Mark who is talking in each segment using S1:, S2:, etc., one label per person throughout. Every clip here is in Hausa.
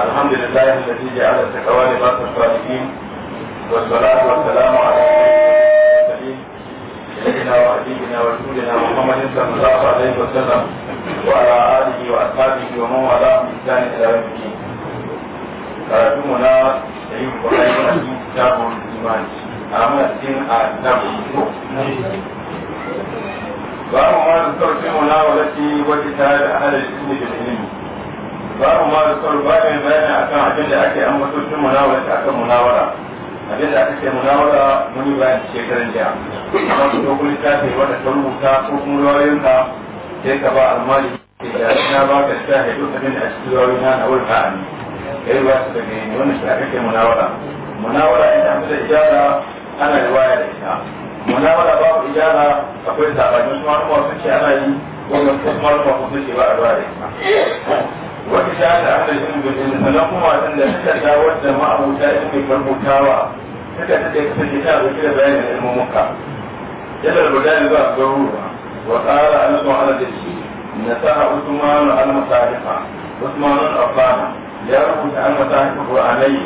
S1: الحمد لله الذي جعل التكوان لباس الصالحين والصلاة والسلام على سيدنا وحبيبنا ورسولنا محمد صلى الله عليه وسلم وعلى آله وأصحابه ومن والاه كان إلى يوم الدين. كرامنا سيد القرآن في كتاب الإيمان آمنت دين آدم وأما ما تذكر في مناولة وكتاب أهل العلم بالعلم babu ma da sauran ba mai bayani kan abin da ake an mutuntun munawara a kan munawara abin da aka ce munawara mun yi bayani shekaran jiya amma su dogon littafi wata ta rubuta ko kuma lauyoyin ka sai ka ba almali ke da na ba ka shahe duk abin da a cikin lauyoyin na na wurin ha'ani kai ba su daga gani wani shi aka ce munawara munawara ina da ijara ana riwaya da ita munawara babu ijara akwai sabanin su ma sun ce ana yi wannan kuma sun ce ba a riwaya da ita wata sha da aka yi gudun sannan kuma waɗanda suka sha wadda ma'abuta suke farkotawa suka suke kasance ta zuke da bayanin ilmumuka yadda da bayani ba a garuruwa wa tsara alisu ala da shi na saha usmanu al-masarifa usmanu al-afana ya rubuta al-masarifa qur'anai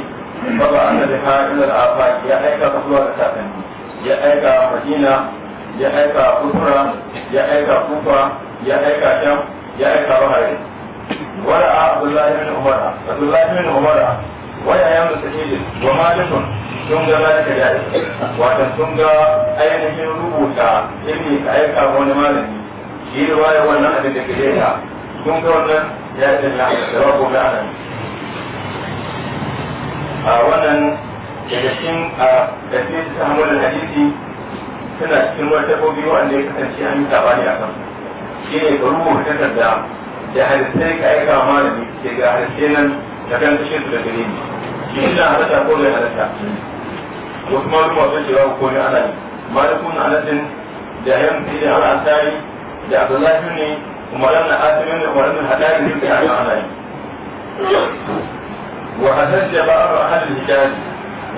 S1: baba an da ha ila al afaki ya aika zuwa da kafanni ya aika madina ya aika kusura ya aika kufa ya aika sham ya aika bahrain ورأى عبد الله بن عمر عبد الله بن عمر ويعيان سعيد ومالك sun ga malaka da aiki wata sun ga ainihin rubuta ilmi ka aika wani malami shi riwaya wannan abin da gare ka sun ga wannan ya da a wannan daga cikin a da ke samu hadisi suna cikin wata ko biyu wanda ya kasance an yi tabani a kan shi ne ga ta da da hadisai ka aika malami ke ga hadisai nan da kan tashin da gare ni shi ina halatta ko bai halatta wasu malama sun ce babu komai ana yi malikun anasin da yan tilin ana asari da abdullahi ne umaran na asimin da umaran na hadari ne da ana ana yi wa hasan da ba a halin hijazi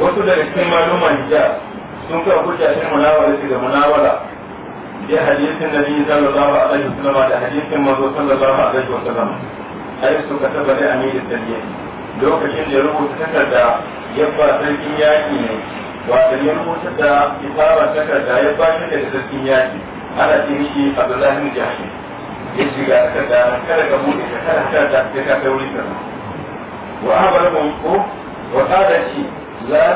S1: wasu daga cikin maluman hijaz sun kawo hujja shi munawara da munawara في حديث النبي صلى الله عليه وسلم على حديث صلى الله عليه وسلم حيث كتب لأمير lokacin da ya rubuta takarda ya ba sarkin yaƙi ne wato ya rubuta da kitaba takarda ya ba shi da sarkin yaƙi ana ce Abdullahi bin Jashi ya shiga takarda kada ka bude ka kada takarda sai ka kai ko shi ta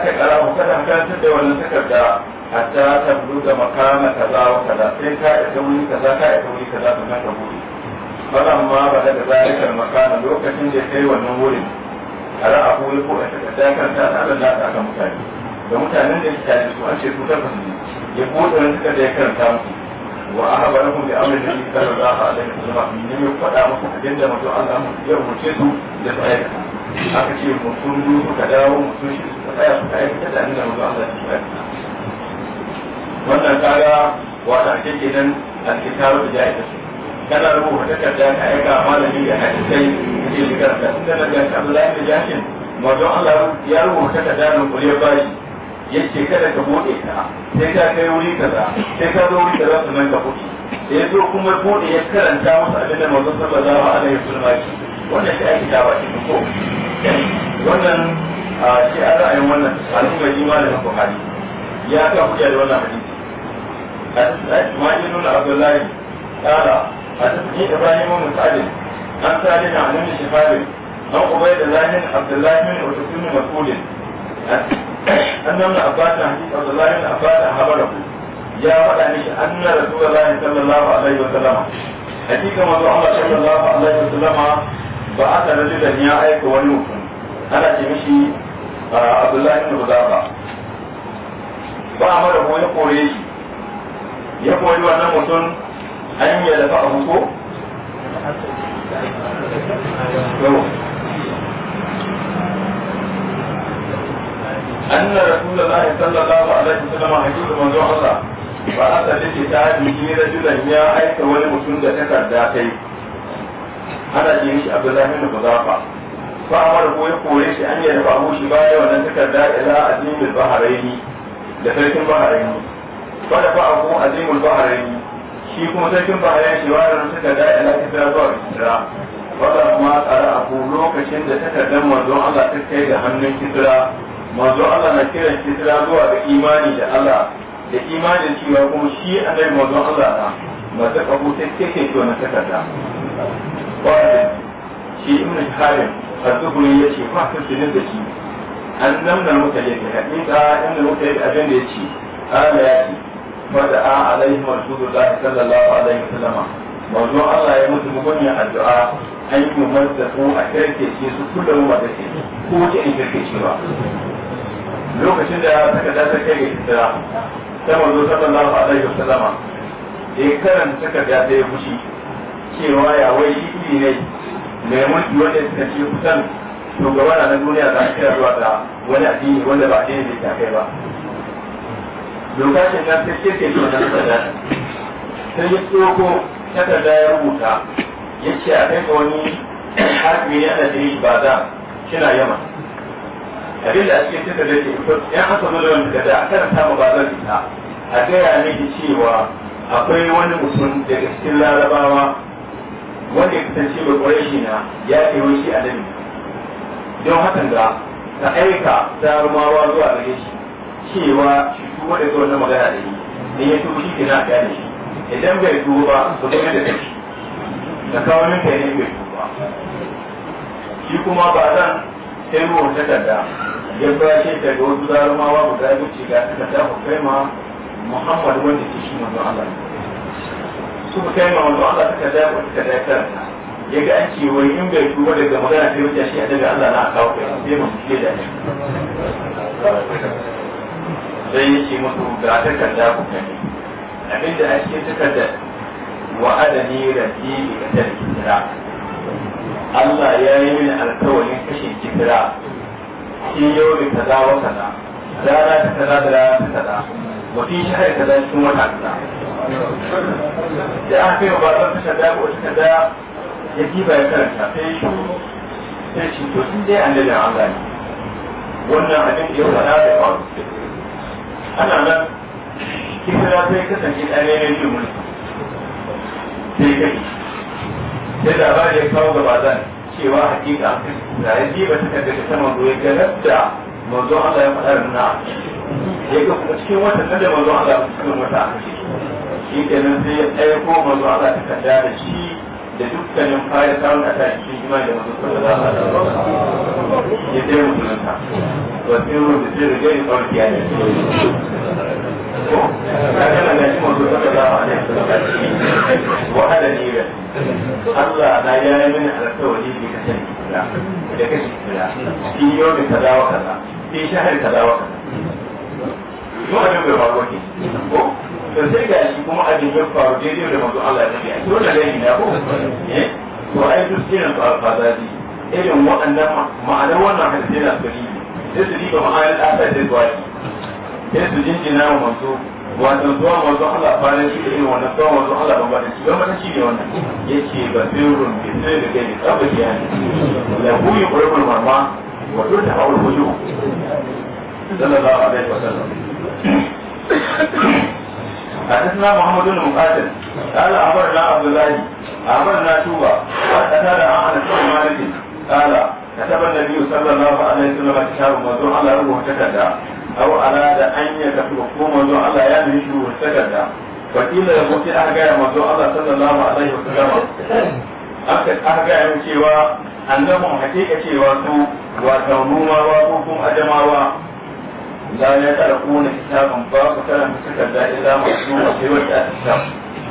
S1: da wannan takarda hatta tabluga makama kaza wa kaza sai ka isa wuri kaza ka isa wuri kaza sannan ka buɗe falamma balaga zalika makana lokacin da kai wannan wurin ala abu ya ko a takarda kan ta Allah da ka mutane da mutanen da suka da su an ce su tabbas ne ya bude ran suka da karanta mu. wa a ahbarahum bi amri da sallallahu zama wasallam ne ya faɗa musu abin da mutum Allah ya umurce su da su aikata aka ce mutum suka dawo mutum shi suka tsaya suka aikata da abin da mutum Allah ya aikata wannan kaga wata ake kenan alkitabu da ya kasu kana rubuta takarda ka aika malami da hadisai kace ni karanta kana da Abdullahi bin Jahil wato Allah ya rubuta takarda ya kure bashi yace kada ka bude ta sai ka kai wuri kaza sai ka zo wuri kaza sannan ka bude da ya zo kuma bude ya karanta masa abin da manzon sallallahu alaihi wasallam ya wannan shi ake dawa cikin ko wannan shi a ra'ayin wannan al'umma ji malamin Bukhari ya ka hujja da wannan hadisi na a sanar da ya aika wani ba mu da ya kore shi ya kori wannan mutum an yi lafa abu ko أن رسول الله صلى ta yi وسلم حديث من زوحة فأتى لكتاب من رجلا يا أيك ولمسلم تكرداتي ana ce mishi abdullahi bin muzafa fa amara ko ya kore shi an yarda ba shi baya wannan takarda ila adimil baharaini da sarkin baharin wanda fa abu azimul baharin shi kuma sarkin baharin shi wanda suka da ila kisra zuwa kisra wanda kuma tsara abu lokacin da takardar manzon Allah ta kai da hannun kisira, manzon Allah na kiran kisira zuwa da imani da Allah da imanin cewa kuma shi annabi manzon Allah na masu abu ta kake to na takarda wanda shi ibn Harim a zuhuri ya ce ba ta da shi an zamna muka yi ne hakika inda muka yi abin da ya ce ala ya ce fada a alaihi rasulullah sallallahu alaihi wasallam wanzu Allah ya mutu mugunya addu'a an yi mummar da su a kirke ce su kullum da ke ko wace in kirke ce ba lokacin da ta kada ta kai ga istira ta manzo sallallahu alaihi sallama ya karanta takarda ta ya fushi cewa ya wai shi ne mai mulki wanda suka ce kusan shugaba na duniya za a kira zuwa ga wani addini wanda ba a da ya kai ba lokacin na ta ke shi da takarda sai ya tsoko takarda ya rubuta ya ce a kai ga wani harfi ne ana jiri ba za kina yama abin da a cikin da ke yan aka zo da wani takarda a karanta ma ba zan fita a gaya miki cewa akwai wani mutum daga cikin larabawa wanda ya kasance mai kwarai na ya ke wani shi a nan don hakan da ta aika ta rumawa zuwa gare shi cewa shi kuma da zuwa na magana da yi in ya tuba shi ke na gane shi idan bai tuba ba ku zama da shi da kawo min kai ne bai tuba shi kuma ba zan sai mu wata takarda ya ba shi daga wasu zarumawa guda biyu ce ga ta ku kai ma Muhammad wanda ke shi manzo Allah su kai ma manzo Allah takarda ku takarda karanta ya ga an ce wai in bai tuba daga magana ta wuce shi daga Allah na kawo kai sai mu ke da shi sai ya ce mutu ga takarda ku gani abin da ake takardar wa'adani rafi'i da tarkira Allah ya yi min alkawarin kashe kira shi yau da kaza wa kaza rana ta kaza da rana ta kaza wa fi shahar kaza cikin wata kaza da aka yi wa ba zan kashe da ko ta kaza ya diba ya karanta sai ya shuru sai shi to in dai annabi Allah ne wannan abin da ya faɗa da faru ana nan kira sai kasance ɗan ne ne mulki sai kai sai da ba ya kawo gaba zan cewa hakika da ya ba ta kaddata ta manzo ya ganar da manzo Allah ya faɗa da nuna ya ga kuma cikin watan nan da manzo Allah ya faɗa da nuna shi kenan sai ya ɗaya ko manzo Allah ta kaddata da shi da dukkanin fara samun a cikin da masu sai ne ko ya kana da shi a da wahala ne ba Allah na ya yi mini halatta waje ne ka sani da kashi yau da kaza shahar kaza. bai faruwa ko to sai ga shi kuma abin ya faru daidai da manzo Allah da ya na ko eh? to ai duk irin waɗannan ma'anar wannan hadisi na sai su diba ma'anar da zuwa sai su jinjina wa manzo wato zuwa manzo Allah shi da irin wannan zuwa manzo Allah shi shi ne wannan da kai ne marma wa wujuh sallallahu alaihi wasallam Thank you. حدثنا محمد بن مقاتل قال اخبرنا عبد الله اخبرنا شوبه واتى عن انس بن مالك قال كتب النبي صلى الله عليه وسلم كتاب منظور على روح تكدا او اراد ان يتفقه منظور على يده شروح تكدا وقيل يموت احجى منظور الله صلى الله عليه وسلم aka aka yi cewa annabin hakika cewa su wa taunumawa ko kuma adamawa لا يتركون حسابا باب كلام تكدا إلا مصدوم في وجه الحساب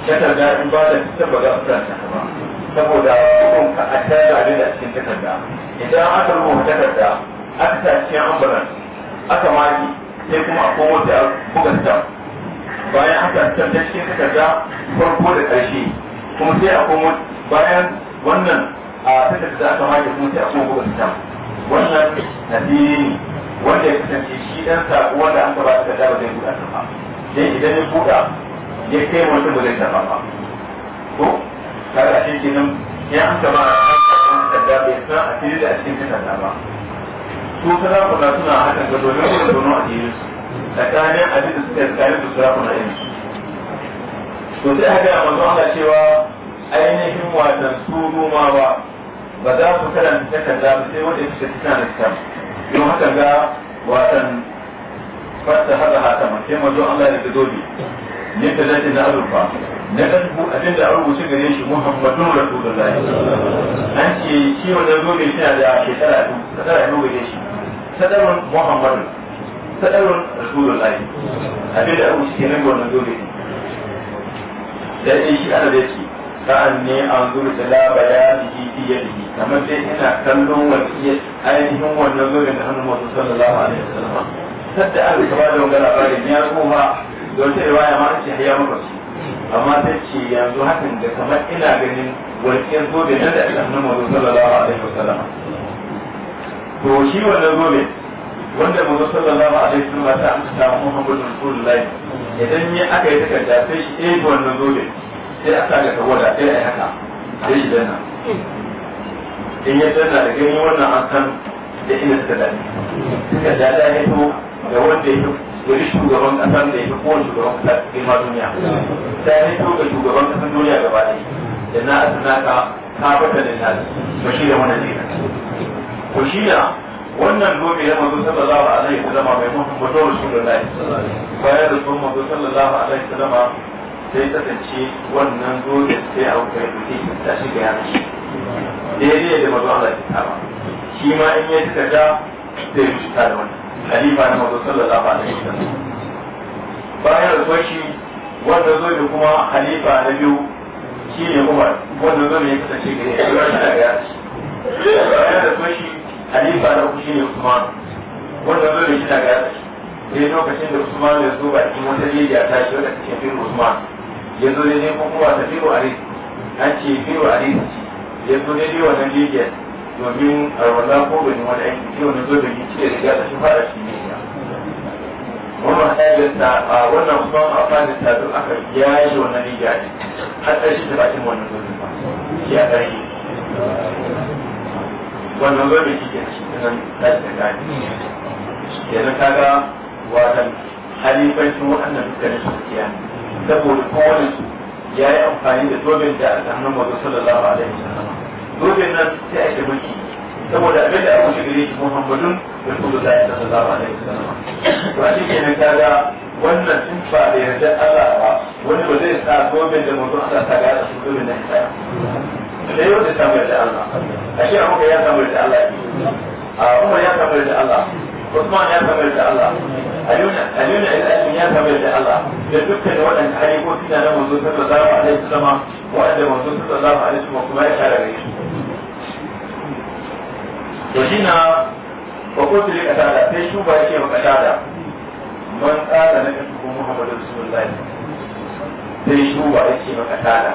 S1: تكدا إن بعد تبغى أفراد تكدا saboda cikin ka a tara da cikin takarda idan aka rubuta takarda aka sa cikin ambulan aka maki sai kuma a da buga bayan da cikin takarda farko da ƙarshe kuma sai a bayan wannan a takarda aka maki kuma sai a komo buga stamp wannan nadiri ne wanda ya kasance shi dan sako wanda an gaba ta da ba zai buɗa ta ba sai idan ya buɗa ya kai wanda ba zai taɓa ba ko a cikin nan ya an gaba ta da bai ta a cikin da a cikin ta ba su sarakuna suna hakan ga domin wanda dono a cikin su tsakanin abin da suka tsakanin da sarakuna yin su to sai haka gaya manzo Allah cewa ainihin wasan su rumawa ba za su karanta takarda ba sai wanda suka tsakanin da don haka ga watan fata haɗa hata sai mazo Allah ya tazo ne ne ta zai na azurfa ne na ɗan abin da an rubuce gare shi muhammadun rasulullahi an ce shi da zo ne shi da shekara shekara ne gare shi sadarun muhammadun sadarun rasulullahi abin da an rubuce gare shi wannan zo ne da ya shi ana da ya ce sa’an ne an zuru labaya da jifi ya jiki kamar sai ina kallon wani iya ainihin wannan zurin da hannun masu sallar lafa sallama aka ba da wani labari ya koma don sai ya ma ce amma ta ce yanzu hakan da kamar ina ganin wani zobe sallama to shi zobe wanda ba sallallahu alaihi wasallam ta idan ne aka yi takarda sai shi wannan zobe sai a kaga tawada sai a yi haka sai yi danna in ya danna da gani wannan an san da ina suka dani suka da da ya to da wanda ya gari shugaban kasan da ya fi kowane shugaban kasa girma duniya sai ya to ga shugaban kasan duniya gaba ɗaya da na a asinaka ka bata da nasi ba shi da wannan zai to shi da wannan gobe ya mazo sallallahu alaihi wasallam mai mutum mutum rasulullahi bayan da sun mazo sallallahu alaihi wasallam sai kasance wannan dole sai a wuce duke ta shi ga yana shi daidai da mazo Allah ya kama shi ma in ya cika da zai cuta da wani khalifa na mazu sallallahu alaihi wasallam bayan rasuwar shi wanda zo da kuma khalifa na biyu shi ne kuma wanda zo ne ya kasance ga yana shi da yana shi bayan da shi khalifa na uku shi ne Usman wanda zo da shi da yana shi sai lokacin da Usman ya zo cikin wata rijiya ta shi wadda take bin Usman ya zo ya nemo kowa ta biyu a rinsu an ce biyu a rinsu ya zo ya biyu wannan rijiyar domin a wanda ko gani wani aiki ce wani zo da ni ce riga ta shi fara shi ne ya wannan hajjar a wannan kuma a fadin ta aka ya shi wannan rijiya ne har ƙarshe ta bakin wannan zo ba ya a ƙarshe wannan zo da kike shi ta nan tashi da gani yanzu kaga watan halifancin waɗannan dukkanin su kiyaye saboda kowane su ya yi amfani da dobin da aka hannun wato sallallahu alaihi wasallam nan sai ake mulki saboda abin da aka shigire shi muhammadun da su da sallallahu alaihi wasallam to a cikin kaga wannan sun ba da yarda Allah ba wani ba zai sa dobin da mutum Allah ta gada su dobin nan ta da yau da samu yarda Allah a shi a muka ya samu yarda Allah a umar ya samu yarda Allah Usman ya kamar da Allah Aliyuna Aliyuna al ya kamar da Allah da dukkan waɗanda halifofi na nan manzo sallallahu alaihi wasallam waɗanda manzo sallallahu alaihi wasallam kuma ya kare gare su to shine wa kuntu li qatada sai ba yake wa qatada man qala na kasbu Muhammadu rasulullahi sai shuba yake wa qatada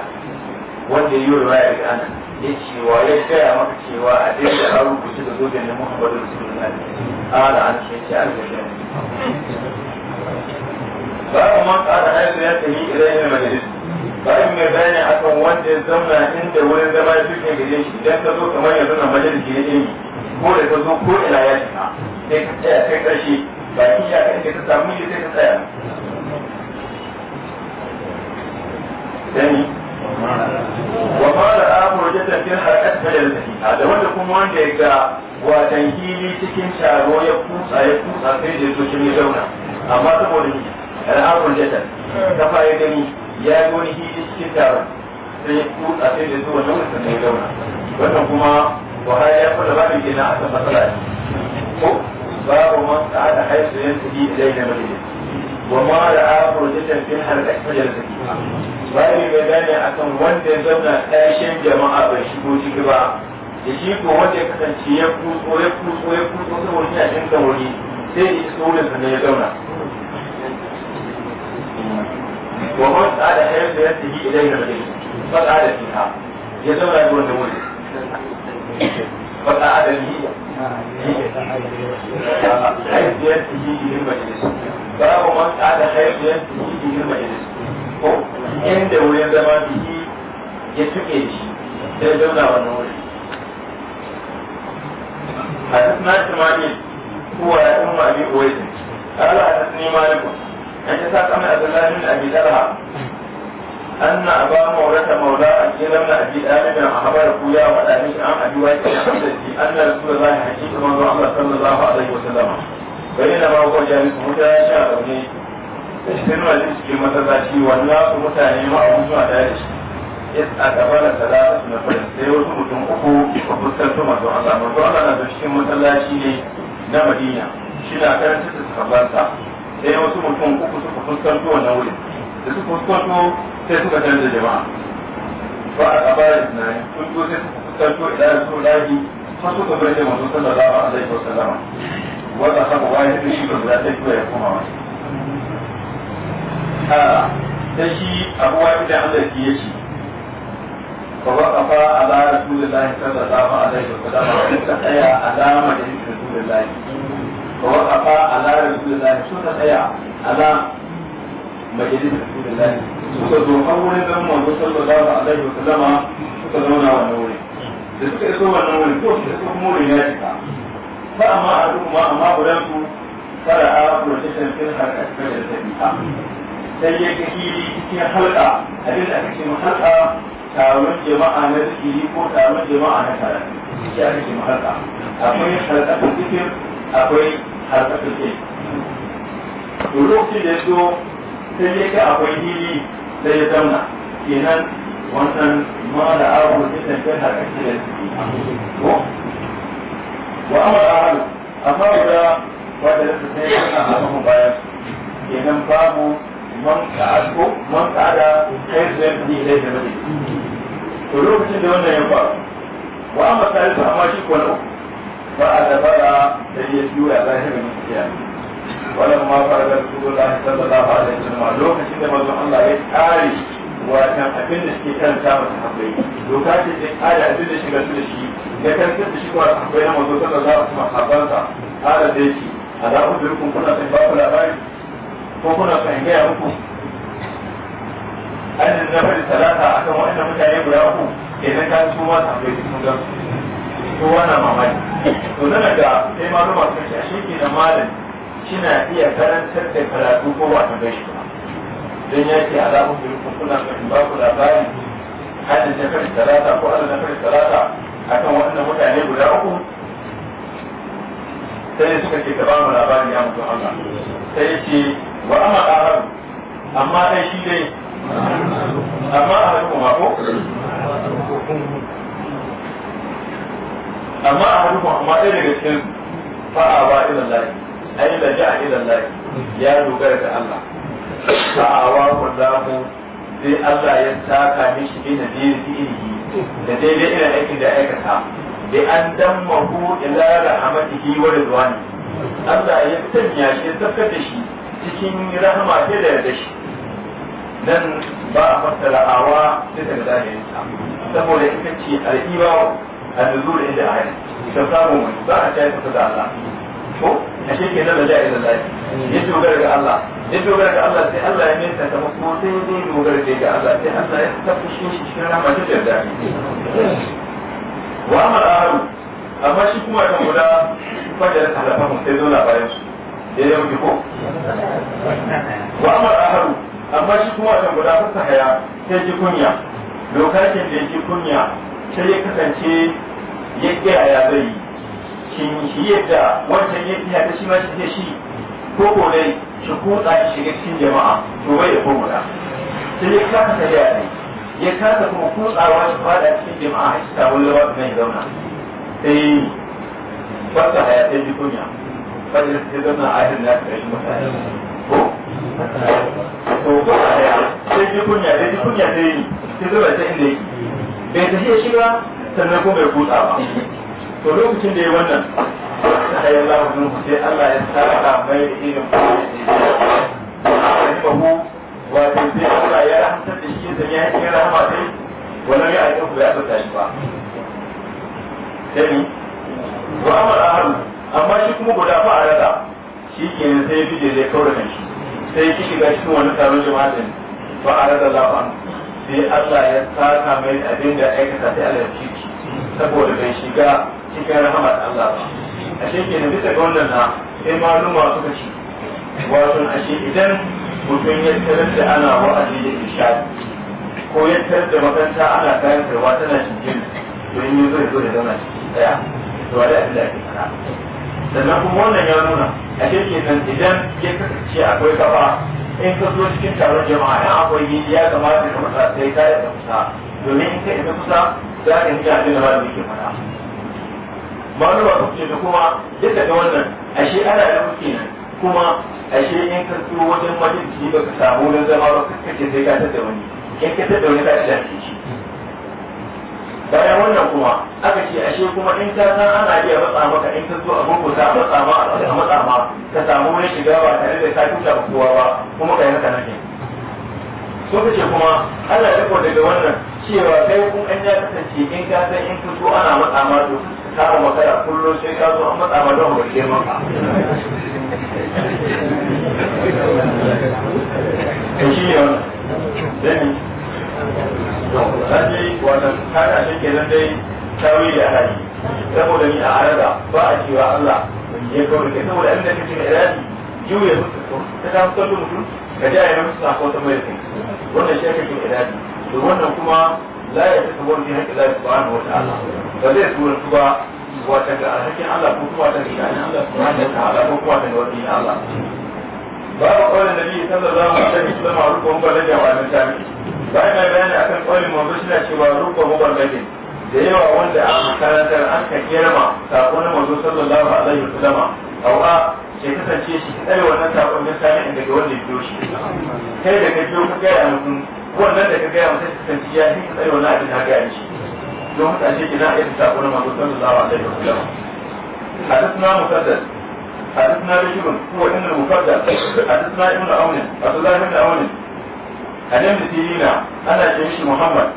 S1: wanda yayi riwaya daga anan ya cewa ya gaya maka cewa a da an rubuta da zobe na muhammadu rasulullah ala an ce ce an ba a ƙara ya majalis mai bayani akan wanda ya zama inda wurin zama ya fiye gare shi idan ka zo kamar yanzu na majalis ya yi ko da ka zo ko ina ya shiga sai ka tsaya kai ƙarshe ba ki ya kai ka samu shi sai ka tsaya. kada da ta da wanda kuma wanda ya ga watan hili cikin taro ya kusa ya kusa sai da sokin ya zauna amma saboda ni al'akon jatan ta ya gani ya yi wani hili cikin taron sai ya kusa sai da zuwa zauna sannan ya zauna wannan kuma wahala ya fara babin kenan a kan matsala ko babu da ta'ada haisu yanzu ilai na majalis وما رأى فرجة في حال جلسك bayan bayani akan wanda ya zauna ƙarshen jama'a bai shigo ciki ba da shi ko wanda ya kasance ya kuso ya kuso ya kuso saboda yana cin kan wuri sai ya iso wurin sannan ya zauna wa tsada hayar da ya tafi ilai da tsada ya zauna da wanda tsada حيث ينتهي به المجلس باب من قعد حيث ينتهي به المجلس ko inda wurin zama bihi ya tuke shi sai zauna wannan wuri حدثنا إسماعيل هو أم أبي أويس قال حدثني مالك أن يساق من عبد الله بن أبي طلحة أن أبا مولى مولى أجيل من أبي آمن أخبره يا ولاني عن أبي وائل أن رسول الله حكيم من رحمة صلى الله عليه وسلم بينما هو جالس متشاء أبني اشتنوا الإشكي متزاشي والناس متعني معهم سوى دارش إذ أتبال ثلاثة من فلسطين وسمتم أخو وفسكتم أسوى الله مرضو الله نبشكي متلاشي na Madina shi na karanta da sahabbansa sai wasu mutum uku suka fuskanto wannan wurin da suka fuskanto sai suka canza jama'a ba a kabarin na yi kusko sai suka fuskanto da su lahi har suka bar da masu sallallahu alaihi wa sallama wanda sama wani da shi ba za ta yi ya koma wani a dan shi abu wani da Allah ya ce fa waqafa ala rasulillahi sallallahu alaihi wa sallama suka tsaya alama da rasulillahi fa waqafa tsaya majalis rasulullahi suka zo har wurin dan manzo sallallahu alaihi wa sallama suka zauna wannan wurin da suka iso wannan wurin ko su suka kuma wurin ya cika fa amma a duk ma amma gudan su fara'a protection fil harka ta da tabi'a sai ya ga cikin halka abin da aka ce taron jama'a na zikiri ko taron jama'a na karatu shi aka ce halka akwai halka ta zikir akwai halka ta zikir lokacin da ya sai ya akwai hili sai ya zauna kenan wannan ma da abu da ta kai har ake da ko wa amara hal amma da ba da su sai yana mu bayan kenan babu man ka'adu man ka'ada kai da yadda da ni da ni to lokacin da wannan ya ba wa amma sai da amma shi kwano ba a da ba da ya biyu ya zahirin mutum wannan ma fara da kuma da ta da ba lokacin da mazan Allah ya kare wajen abin suke kan ta masu hakuri doka ce ta kare abin da shiga da shi ya kan ta shi kuma akwai na mazan a kuma habanta kare da shi a za ku bi hukun kuna sai ba ku labari ko kuna sai gaya hukun ainihin na fari talata a kan wa'anda mutane guda uku idan ka su ma tambayi su kuma gasu kowa na mamaki to nana ga sai ma zama sun shi a shi na malin kina iya karantar da karatu ko ba ta bai shi ba don ya ce alamun da rukun kuna kan ba ku labarin hadin jakar talata ko ala nakar talata a kan wannan mutane guda uku sai suka ce ta ba mu labarin ya mutu Allah sai ya ce wa amma ƙarar amma dai shi dai amma a haɗu kuma ko amma a haɗu kuma amma ɗaya daga cikin fa'a ba ilan lafiya ai a ja'a ila ya dogara ga Allah sa'awa wallahu sai Allah ya saka mishi ina dini ilihi da daidai irin aikin da aikata bi an dammahu ila rahmatihi wa ne Allah ya sanya shi tsaka da shi cikin rahama ta da shi nan ba a fassara da daga saboda ita ce al'ibawa a nuzul inda ayin ta samu ba a ta yi Allah a shi ke nan da ja'i da lafi ya dogara ga Allah ya dogara ga Allah sai Allah ya minta ta mako sai zai dogara da ga Allah sai Allah ya tafi shi cikin rahama ta da daɗi wa amma aharu amma shi kuma kan guda fajar ta halafa mu sai zo na bayan su ya yau ki ko wa amma aharu amma shi kuma kan guda fasa haya sai ji kunya lokacin da ji kunya sai ya kasance ya kira zai yi Shin shi yadda wancan ya fiya ta shi ma shi shi ko ko dai shi kutsa shi shiga cikin jama'a to bai da komo da sai ya kasa tafiya ne ya kasa kuma kutsawa shi fada cikin jama'a har shi ta wani lawa nan ya zauna sai fasa haya sai ji kunya fasa ya ta zauna a yadda na ta rashin mutane ko to ko haya sai ji kunya sai ji kunya sai sai zuba ta inda yake bai tafiya shi ba sannan kuma bai kutsa ba to lokacin da ya wannan sai ya zama mun sai Allah ya saka mai da irin kuma wato sai Allah ya rahanta da shi da ya yi rahama dai wannan ya aika ku ya tsaya shi ba sai wa amal ahlu amma shi kuma guda fa arada shi ke sai bije zai kaura shi sai ki shiga cikin wani taron jama'a din fa arada lafa sai Allah ya saka mai abin da aikata sai Allah ya ci saboda bai shiga cikin rahamar Allah ba ashe ke na bisa ga wannan na sai maluma suka ce wato ashe idan mutum ya tarar da ana wa'azi da ishadi ko ya tarar da makanta ana kayan karwa tana cikin to in yi zai zo da zauna cikin daya to wani abin da ake fara sannan kuma wannan ya nuna ashe ke nan idan ya kasance akwai gaba in ka zo cikin taron jama'a in akwai ya kamata ka masa sai ka yi kusa domin in ka isa kusa za ka yi abin da ba da muke fara su ce da kuma duk da wannan ashe ana da kuke ne kuma ashe in ka tsoro wajen majalisi ba ka samu wurin zama ba ce sai ka da wani in ka tada wani ka ci da shi bayan wannan kuma aka ce ashe kuma in ka san ana iya matsa maka in ka so a boko ta matsa ma a matsa ma ka samu wani shiga ba tare da ka tuta kowa ba kuma ka yi haka nan so kace kuma ana riko daga wannan cewa kai kun an ya kasance in ka san in ka so ana matsa ma to kara magana kullum sai ka zo an matsa ma don wake maka ka shi yau dani zai wata kada shi ke nan dai tawi da hali saboda ni a arada ba a cewa Allah ya kawai ke saboda inda kake da irani juya mutum ta ta mutum ka ji a yana musu sako ta mai wannan shi kake irani to wannan kuma la ya fi wani haƙi la su bani Allah ba zai su ba wata ga alhakin Allah ko kuma ta ga Allah su bani wata Allah ko kuma ta ga wani Allah babu kawai da biyu sallallahu alaihi wasallam rukun balaga wa nan tabi bayan mai bayani akan kawai mu suna cewa rukun balaga da yawa wanda a makarantar an ka girma sakon manzo sallallahu alaihi kasance shi kai wannan sakon da sai inda ga wanda ya biyo shi kai da ka biyo ka ga wannan da ka gaya masa kasance ya yi tsaye wani abin da ka gaya mishi don haka shi ke na iya tsako na masu tsaron zama a daidai kula a duk na musaddar a duk na bishirun ko wa inda a duk na aunin a da aunin a nan da tirina ana ce mishi muhammad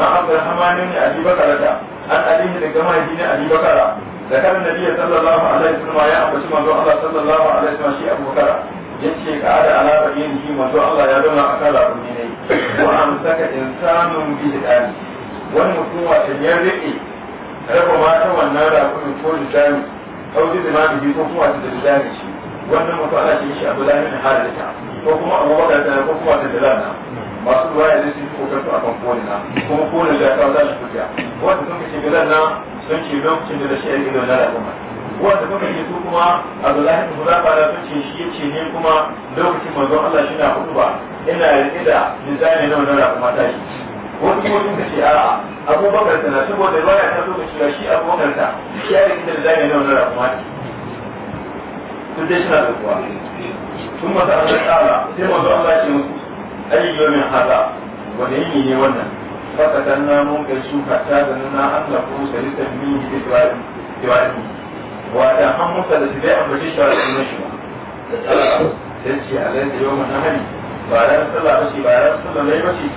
S1: an abu da ne a ji bakara da an alihi da gama ne a ji bakara da kan nabiya sallallahu alaihi wasallam ya ambaci manzo Allah sallallahu alaihi wasallam shi abu bakara yace ka ada ala rabiyin shi mato Allah ya zama akan rabuni ne wa an saka insanun bi dani wani mutum wata ya rike raba mata wannan rabuni ko dani au bi zama bi ko kuma ta dani shi wannan mutum Allah shi shi Abu Lahab ne halita ko kuma Abu Bakar ta ko kuma ta dalana masu ruwa ya zai ko kanto akan kone na kuma kone da ya kawo zai shi kuya wanda sun kace galan na sun ce lokacin da shi ya rike da wannan rabuni wanda suka yi su kuma Abdullahi ibn Mubarak da sun ce shi ce ne kuma lokacin manzon Allah shi na hudu ba ina rike da mizani na wannan rafa mata shi wani kuma sun ce a'a Abubakar ta tana saboda riwaya ta zo cewa shi Abubakar ta shi ya rike da mizani na wannan rafa mata duk dai suna da kuwa sun masa an Allah tsara sai manzon Allah ya ce musu ayyumin haza wani yini ne wannan fakatanna mun kai shuka ta da nuna an lafu salitan min bi ibrahim ibrahim وأدام هم متلسباء بشيش على المشي تلسي على يوم النهري بعد أن صلى بشي بعد أن صلى لي بشي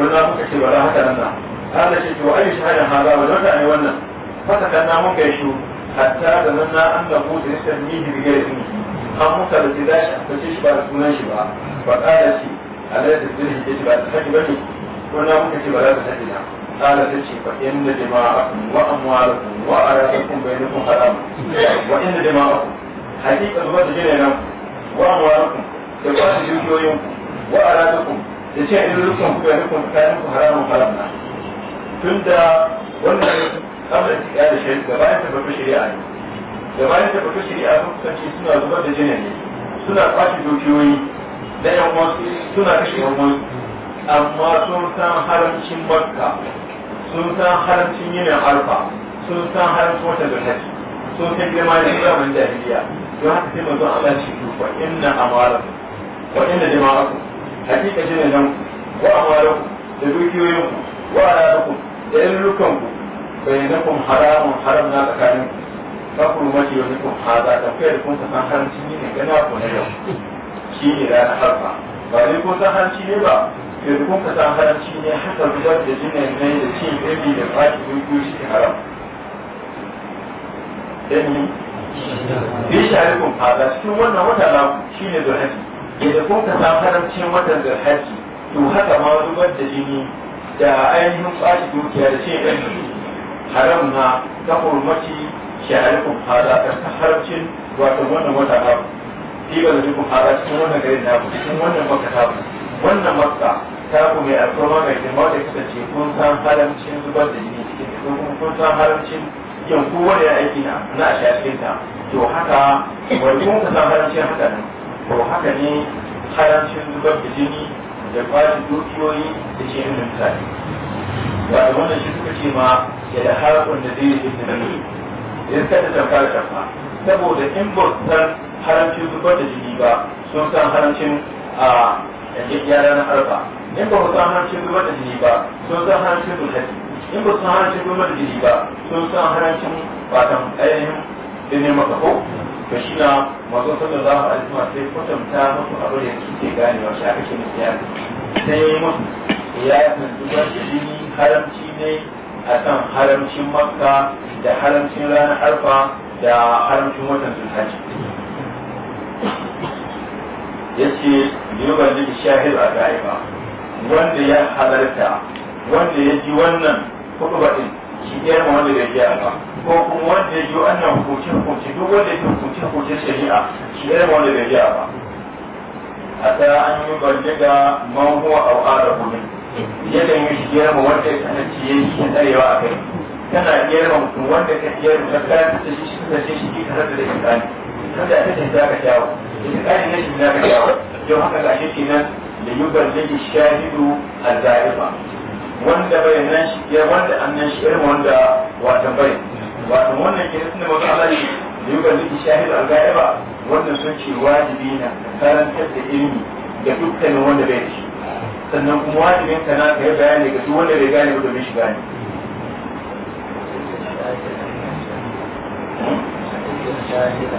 S1: قلنا مكتب ولا حتى لنا هذا شيء وأي شهر هذا ولولا أن يولنا فتكنا مكيشو حتى ظننا أنه سيستنميه بغير اسمه هم متلسباء بشيش بعد المشي فقال شيء على يد الدنيا تجب أن تحكي بني قلنا مكتب ولا تحكي لنا قال تشي فإن دماءكم وأموالكم وأراضيكم بينكم حرام وإن دماءكم حقيقة الوقت جنينا وأموالكم تبقى يوشوينكم وأراضيكم تشي إلوكم بينكم كانكم حرام حرامنا tunda wannan kamar ya da shari'a gaba ya tabbata shari'a ne gaba ya tabbata shari'a sun kasance suna zubar da jinin suna kwashi dukiyoyi da yan wasu suna kashe yan wasu amma sun san haramcin sun san haramcin yinin alfa. sun san haramcin wata hajji sun san girma da wani jahiliya don haka sai manzon Allah shi kufa inna amaraku wa inna jama'aku hakika ne nan wa ku da dukiyoyin Ku wa ku da na kun haramun haram na tsakaninku ku mace wani kun haza da kai kun san haramcin yinin gana ku na yau shi ne na harfa ba dai kun san haramci ne ba kun ka san haramci ne haka zubar da jinin ne da cin ɗabi da fashi dubu shi haram ɗani bi sharikun fada cikin wannan wata na shi ne zulhaji yadda kun ka san haramcin watan zulhaji to haka ma zubar da jini da ainihin fashi dukiya da cin ɗabi haram na ta hurmaci sharikun fada ta haramcin wata wannan wata na fi ba da cikin fada cikin wannan garin na cikin wannan baka tabu wannan makka ta ku mai alfarma mai girma da ce kun san haramcin zubar da jini cikin ta kuma kun san haramcin yin kowa da aiki na na a shafin ta to haka wani kun san haramcin haka nan to haka ne haramcin zubar da jini da kwashi dukiyoyi da ke yin mutane ba da wannan shi suka ce ma ya da harakun da zai yi da nan idan ka da tamfar tamfa saboda in ba san haramcin zubar da jini ba sun san haramcin a ah, da ke gyara na arfa in ba su haramcin zubar da jini ba sun san haramcin bulati in ba su haramcin zubar da jini ba sun san haramcin fatan ainihin ɗinin maka ko ba shi na mazo sallallahu alaihi wa sai kwatanta musu abin da gane ganewa shi aka ce musu yaki sai ya yi musu ya yi zubar da jini haramci ne a kan haramcin makka da haramcin ranar arfa da haramcin watan zulhaji yace yuban da shahid a gaiba wanda ya halarta wanda ya ji wannan hutuba din shi ya ma wanda ya ji ba ko kuma wanda ya ji wannan hukunci hukunci duk wanda ya ji hukunci hukunci shari'a shi ya ma wanda ya ji ba hatta an yi balliga man a aw arabu min yakan yi shi ya wanda ya tsananci ya yi shi tsayewa a kai tana iya ma wanda ka iya ma ka ta shi shi ta shi ka ta da shi ka ta da shi ka ta da shi ka ta kayan na shi na ga yawa don haka ga shi kenan da yubar da shahidu al-zaifa wanda bai nan shi ya wanda annan shi irin wanda wata bai wato wannan kenan tunda da Allah ne da yubar da shahidu al-zaifa wannan sun ce wajibi na karantar da ilimi da dukkanin wanda bai da shi sannan kuma wajibin ka na kai bayani ga duk wanda bai gane ba domin shi gane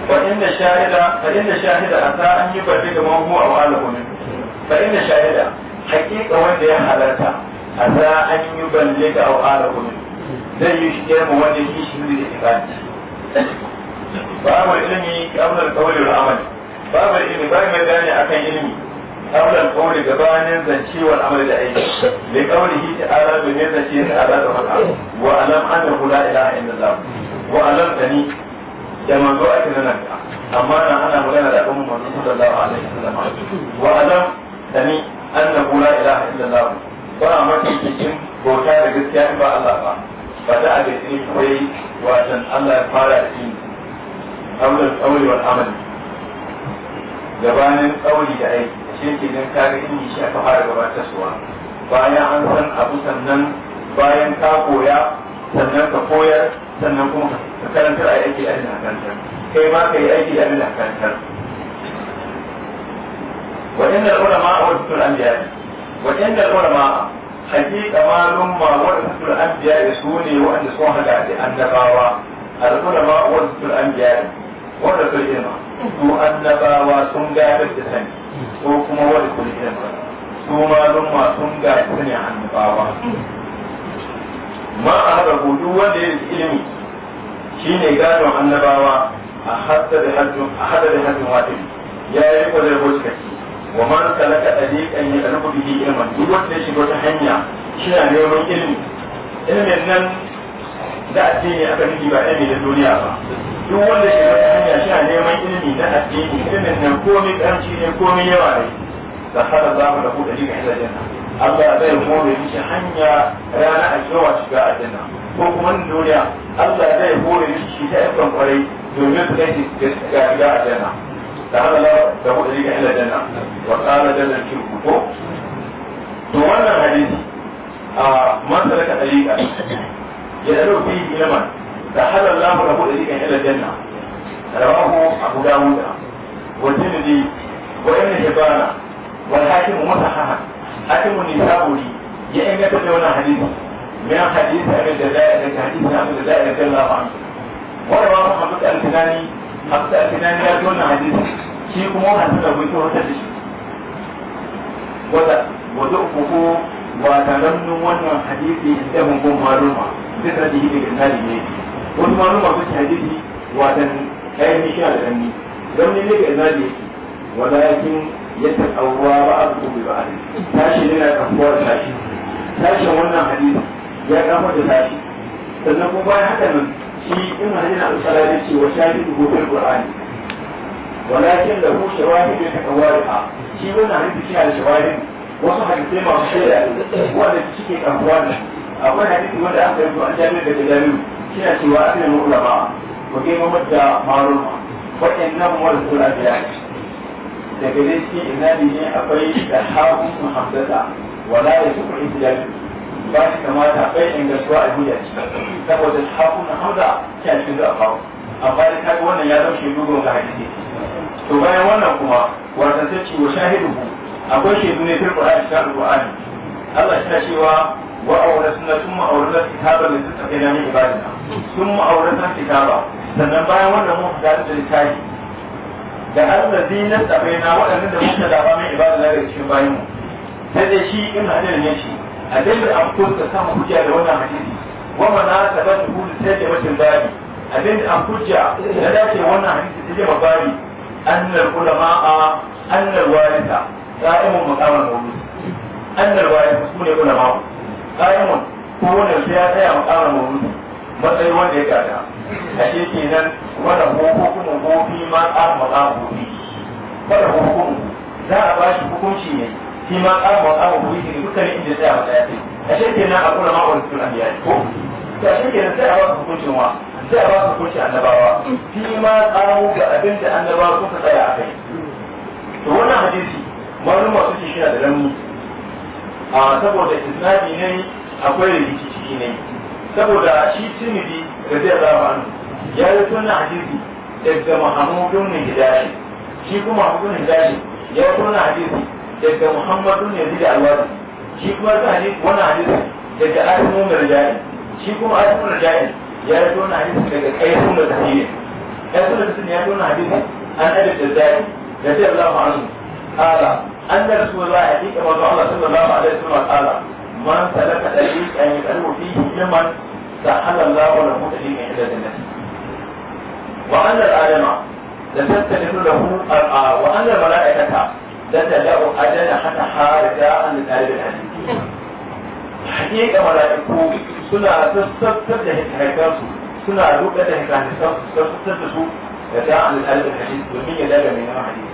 S1: فإن الشاهد فإن الشاهد أتى أن يبدل ما هو أعلم منه فإن الشاهد حقيقة وين حالتها أتى أن يبلغ أو أعلم منه zai yi shi mu wanda shi shi ne da ibadi babu ilimi kabla alqawli wal amal babu ilimi bai mai gane akan ilimi kabla alqawli gabanin zance wal amal da aiki bi qawlihi ta'ala bi ne zance ta'ala da da manzo ake nuna amma nan ana magana da al'umma da sallallahu alaihi wasallam wa adam na kula la ilaha illallah ba a mafi cikin bauta da gaskiya in ba Allah ba ba da a gaske kai wajen Allah ya fara da shi aulul qawli wal amal gabanin tsauri da aiki shi ke nan kaga in shi aka fara gabatar suwa bayan an san abu sannan bayan ka koya sannan ka koyar sannan kuma ka karantar a aiki abin da karantar kai ma ka yi aiki wajen da karantar wata inda an biya tutul anbiya wa inda ulama hakika wata ma an biya anbiya su ne wanda sun hada da annabawa al ulama wa tutul anbiya wa tutul ilma su annabawa sun gafe da sani ko kuma wata tutul ilma su malum ma sun gafe da sani annabawa ma a haɗa hudu wanda ya riski ilimi shi ne gadon annabawa a hada da hajjin watin ya yi riko da rabo cikakki wa ma na talaka ɗariƙan ya ɗarku bihi ilman duk wanda ya shiga wata hanya shi na neman ilimi ilimin nan da addini aka nufi ba ilimi da duniya ba duk wanda shi shiga wata hanya shi na neman ilimi na addini ilimin nan komai ƙaranci ne komai yawa ne da haɗa za mu da ku ɗariƙan ila janna Allah zai hore mishi hanya rana a cewa a aljanna ko kuma ni duniya Allah zai hore mishi ta ayyukan kwarai domin kai shi ga shiga aljanna da Allah da hudu ga ila janna wa qala jalla shirku ko to wannan hadisi a masalaka dalika ya daro fi ilman da halallahu lahu dalikan ila janna rawahu abu dawuda. wa tirmidhi wa ibn hibana wal hakim mutahahan hakimu ne saburi ya inganta da wannan hadisi min hadisi abin da za a daga hadisi na abin da zai daga Allah ba wanda ba Muhammad al-Tinani Muhammad al-Tinani ya ji wannan hadisi shi kuma wannan da wuce wata da shi wanda wanda uku wa tarannun wannan hadisi inda mun gun maluma duk da shi daga nali ne wasu maluma sun ci hadisi watan ayyukan shi da danni dan ne daga nali walakin ya tasawwa ba a kuma ba tashi yana kafuwa da tashi tashin wannan hadisi ya kama da tashi sannan kuma bayan haka nan shi in hadin al-sala da ce wa shahidu hukul qur'ani walakin da ne ta ya a. shi wannan hadisi shi al shawahid wasu hadisai masu shaida wanda suke kafuwa da akwai hadisi wanda aka yi an jami'ar da jami'u shi na cewa asirin ulama wa kai mamad da maruma waɗannan wanda sura biya daga dai cikin inani ne akwai da hawan muhammada wala ya su kuɗi tilafi ba shi kamata bai ingantuwa a biya saboda hawan muhammada kyan shi da hawan amma da kaga wannan ya zama shaidu ga hadisi to bayan wannan kuma wata ta ce wa shahidu akwai shaidu ne fil qur'ani cikin qurani Allah ya cewa wa awrasna thumma awrasna kitaba min tasaqqina min ibadina thumma awrasna kitaba sannan bayan wannan mu fada da littafi da allazi na tsabaina waɗannan da muka zaba mai ibada na daga cikin bayan sai dai shi in hadin ne shi a dalil amkur ka samu hujja da wannan hadisi wa mana ta ba ta hudu sai da mutum babi a dalil amkurja da dace wannan hadisi sai da babi annal ulama'a annal warisa qa'imun maqaman mawlud annal warisa sune ulama'a qa'imun ko wanda sai ya tsaya maqaman mawlud matsayi wanda ya gada a shi ke nan wanda hukumu gobi ma amma a gobi wanda hukumu za a ba shi hukunci ne shi ma amma a gobi ne dukkan inda tsaya mata ya a shi ke nan a kula ma'aurin sunan ya ko to a shi ke nan sai a ba su hukuncin wa sai a ba su hukuncin annabawa shi ma tsaro ga abin da annabawa suka tsaya a kai to wannan hadisi malum masu ce shi na da lamu a saboda isnadi ne akwai rikici ne saboda shi tunidi da zai zama an ya yi tunan hadisi daga mahamudun ne hidashi shi kuma mahamudun hidashi ya yi tunan hadisi daga muhammadun ne zai alwazi shi kuma ta hadisi wani hadisi daga asimun rijali shi kuma asimun rijali ya yi tunan hadisi daga kaisun da ya yi tunan hadisi ya yi tunan hadisi an adab da zai da zai zama an ala an da wa rasulullah ya ɗiƙa zuwa Allah sallallahu alaihi wasallam ala ما سلك الأجيب أن يتألو فيه ممن تحل الله ولم تحل من حجة النفس وأن الآدم لم تستمر له أرعى آه، آه، وأن الملائكة لن تلأ أجانا حتى حارجا عن الآدم الحديد حقيقة ملائكة سنة تستبدأ الحكاس سنة لبدأ الحكاس تستبدأ رجاء عن الآدم الحديد ومن يدى من الحديد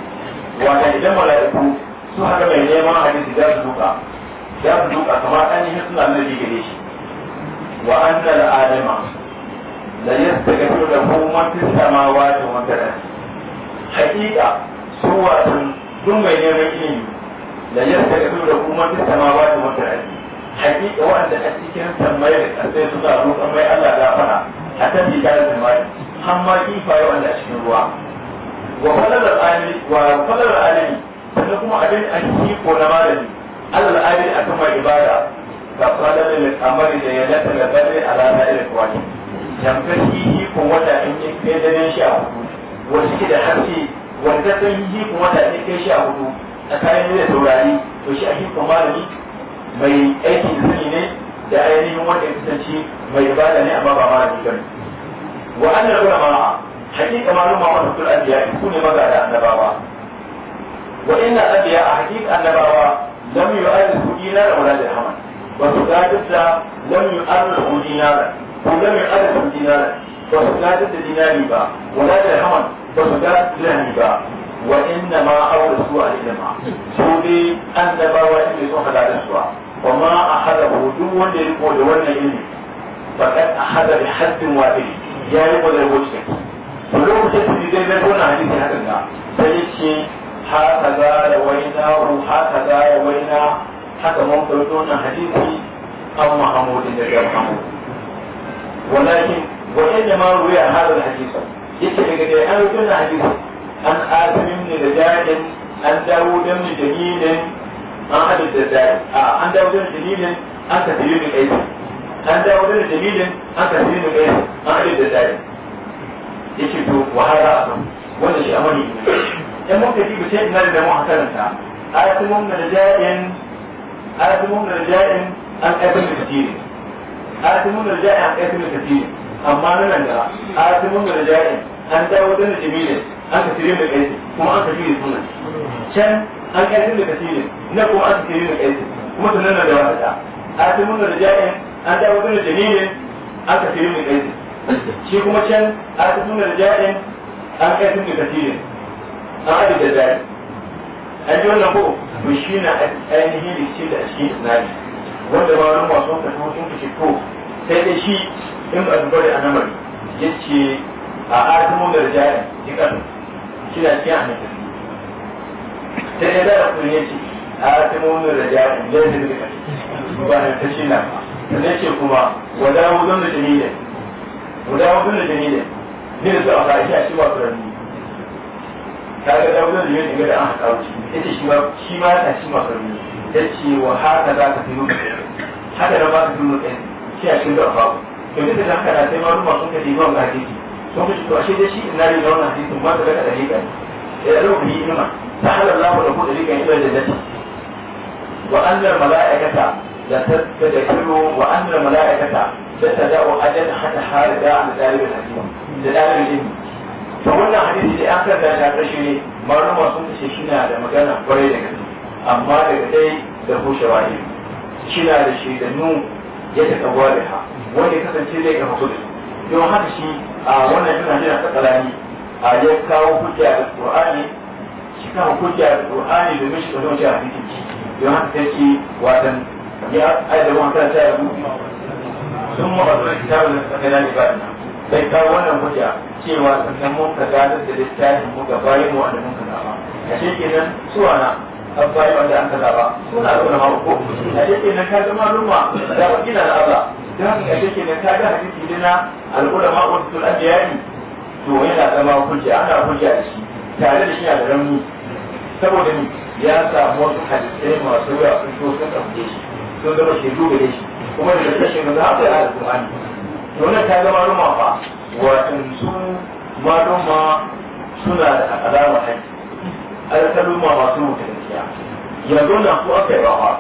S1: وأن الجمع ملائكة سوحة من الجمع الحديد جاء ya fi duka kamar ainihin suna annabi gare shi wa an da al'adama da ya daga to da kuma fi samawa da wanda rasi hakika su wasan duk mai neman ilimi da daga to da kuma fi samawa da wanda rasi hakika wanda a cikin sammai da kasai suna roƙon mai Allah gafara a kan jikarar a cikin ruwa kuma abin a na malami alal ayi a mai ibada ka fada da al'amari da ya lata da bare ala ra'ayi kwani yanzu shi ko wata in ya kai daren sha hudu wanda ke da haske wanda ta yi shi ko wata in kai sha hudu a tsakanin da taurari to shi a yi ko malami mai aiki da sani ne da ainihin wanda ya kasance mai ibada ne amma ba malami ba ne wa annal ulama hakika maluma wa rasul anbiya su ne magada annabawa wa inna anbiya hakika annabawa lam ba su gadar ba wala a ilima su dai annabawa inda a hada duk wanda ya riko a هكذا روينا هكذا روينا حتى ممكن دون an da an dawo da an ka an dawo da an ka an da yake to wahala a shi amani ne in mun ka diba sai ina da mu hakaranta ayatul mu'min raja'in ayatul mu'min raja'in an ayatul kathir ayatul mu'min raja'in an ayatul kathir amma nan ga ayatul mu'min raja'in an dawo da jamilin an kathir da kai kuma an kathir suna can an ayatul kathir na kuma an kathir da kai kuma nan da wata ayatul mu'min raja'in an dawo da jamilin an kathir da kai shi kuma can ayatul mu'min raja'in an kathir da kathir sa'adu da zari an ji wannan ko to shi na ainihin da ce da a cikin isnadi wanda ba wani masu wanda kuma sun fice ko sai dai shi in ba zubar da anamari ya ce a adamu da ya jikan shi na cikin nufin sai dai zara kuma ya ce a adamu da rijali ne da jikan ba na ta shi na sannan ce kuma wadawu don da jami'in wadawu don da jami'in ne da su a fa'ishi a shi ba su rami ta ga daular da ya shiga da an haka wuce ya ce shi ma shi ma yana shi masu rumi ya ce wa haka za ka fi nuna haka da ba ka fi nuna shi a cikin da babu to duk da haka da sai ma ruma sun ka ce ba ga hadisi sun ka ce to ashe dai shi ina ne da wannan hadisin ba ta daga dalika eh, ne da lokacin yi ima ta halar lafa da ko dalika ne da jannati wa annal mala'ikata da ta da kiro wa annal mala'ikata da ta da'u ajal hata har da an dalibin hadisi da dalibin ilmi to wannan hadisi da aka da ta kashe ne maruma sun ce shi na da magana kwarai da gaske amma daga dai da hushewa ne shi na da nu ya ta kawo da ha wanda ya kasance zai kafa su don haka shi a wannan yana jira ta a ya kawo hujja da qur'ani shi ka hujja da qur'ani domin shi kazo ta hadisi don haka sai ce wadan ya aida wannan ta ta sun mu ba ta da kalani ba bai kawo wannan hujja cewa sannan mun ka gada da littafin mu ga bayan mu wanda mun ka zaba a cikin nan suwa na abbayi wanda an ka zaba suna da ulama ko a cikin nan ka ga maluma da ba na da don haka a cikin nan ka ga hadisi dina al-ulama wa tul anbiya'i to yana zama hujja ana hujja da shi tare da shi a da mu saboda ni ya samu wasu hadisai masu yawa sun so sun ɗauke shi sun zama shaidu gare shi kuma da shi ne ga za a yi al-Qur'ani wannan ta ga maluma fa watan su maluma suna da alama haƙƙi alƙaluma masu mutuntiya yanzu na ku aka yi ba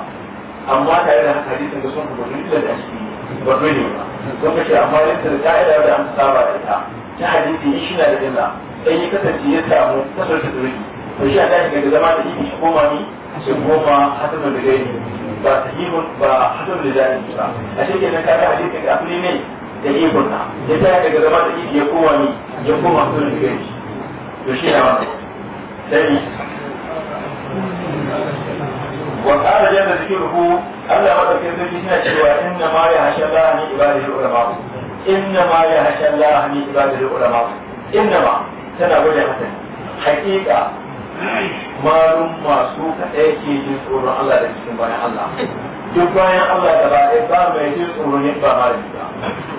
S1: amma tare da hadisin da sun kuma duk da shi ba dole ba don kace amma ta da ka'ida da an saba da ita ta hadisi shi na da illa dan yi kasance ya samu kasar da dole to shi a dashi ga zama da shi koma ni shi koma hasan da gani ba sahihun ba hasan da jani ba a shi kenan ka ga hadisin da ne da ta ya sa daga zama da iko ya koma ni ya koma su da gari to shi na wannan sai wa qala jalla dhikruhu Allah wa dhikru shi yana cewa inna ma ya hasha Allah ni ibadul ulama inna ma ya hasha Allah ni ibadul ulama inna ma tana gwada hasan hakika malum masu kaɗai ke jin tsoron Allah da cikin bayan Allah duk bayan Allah da gaba ɗaya ba mai jin tsoron ba malami ba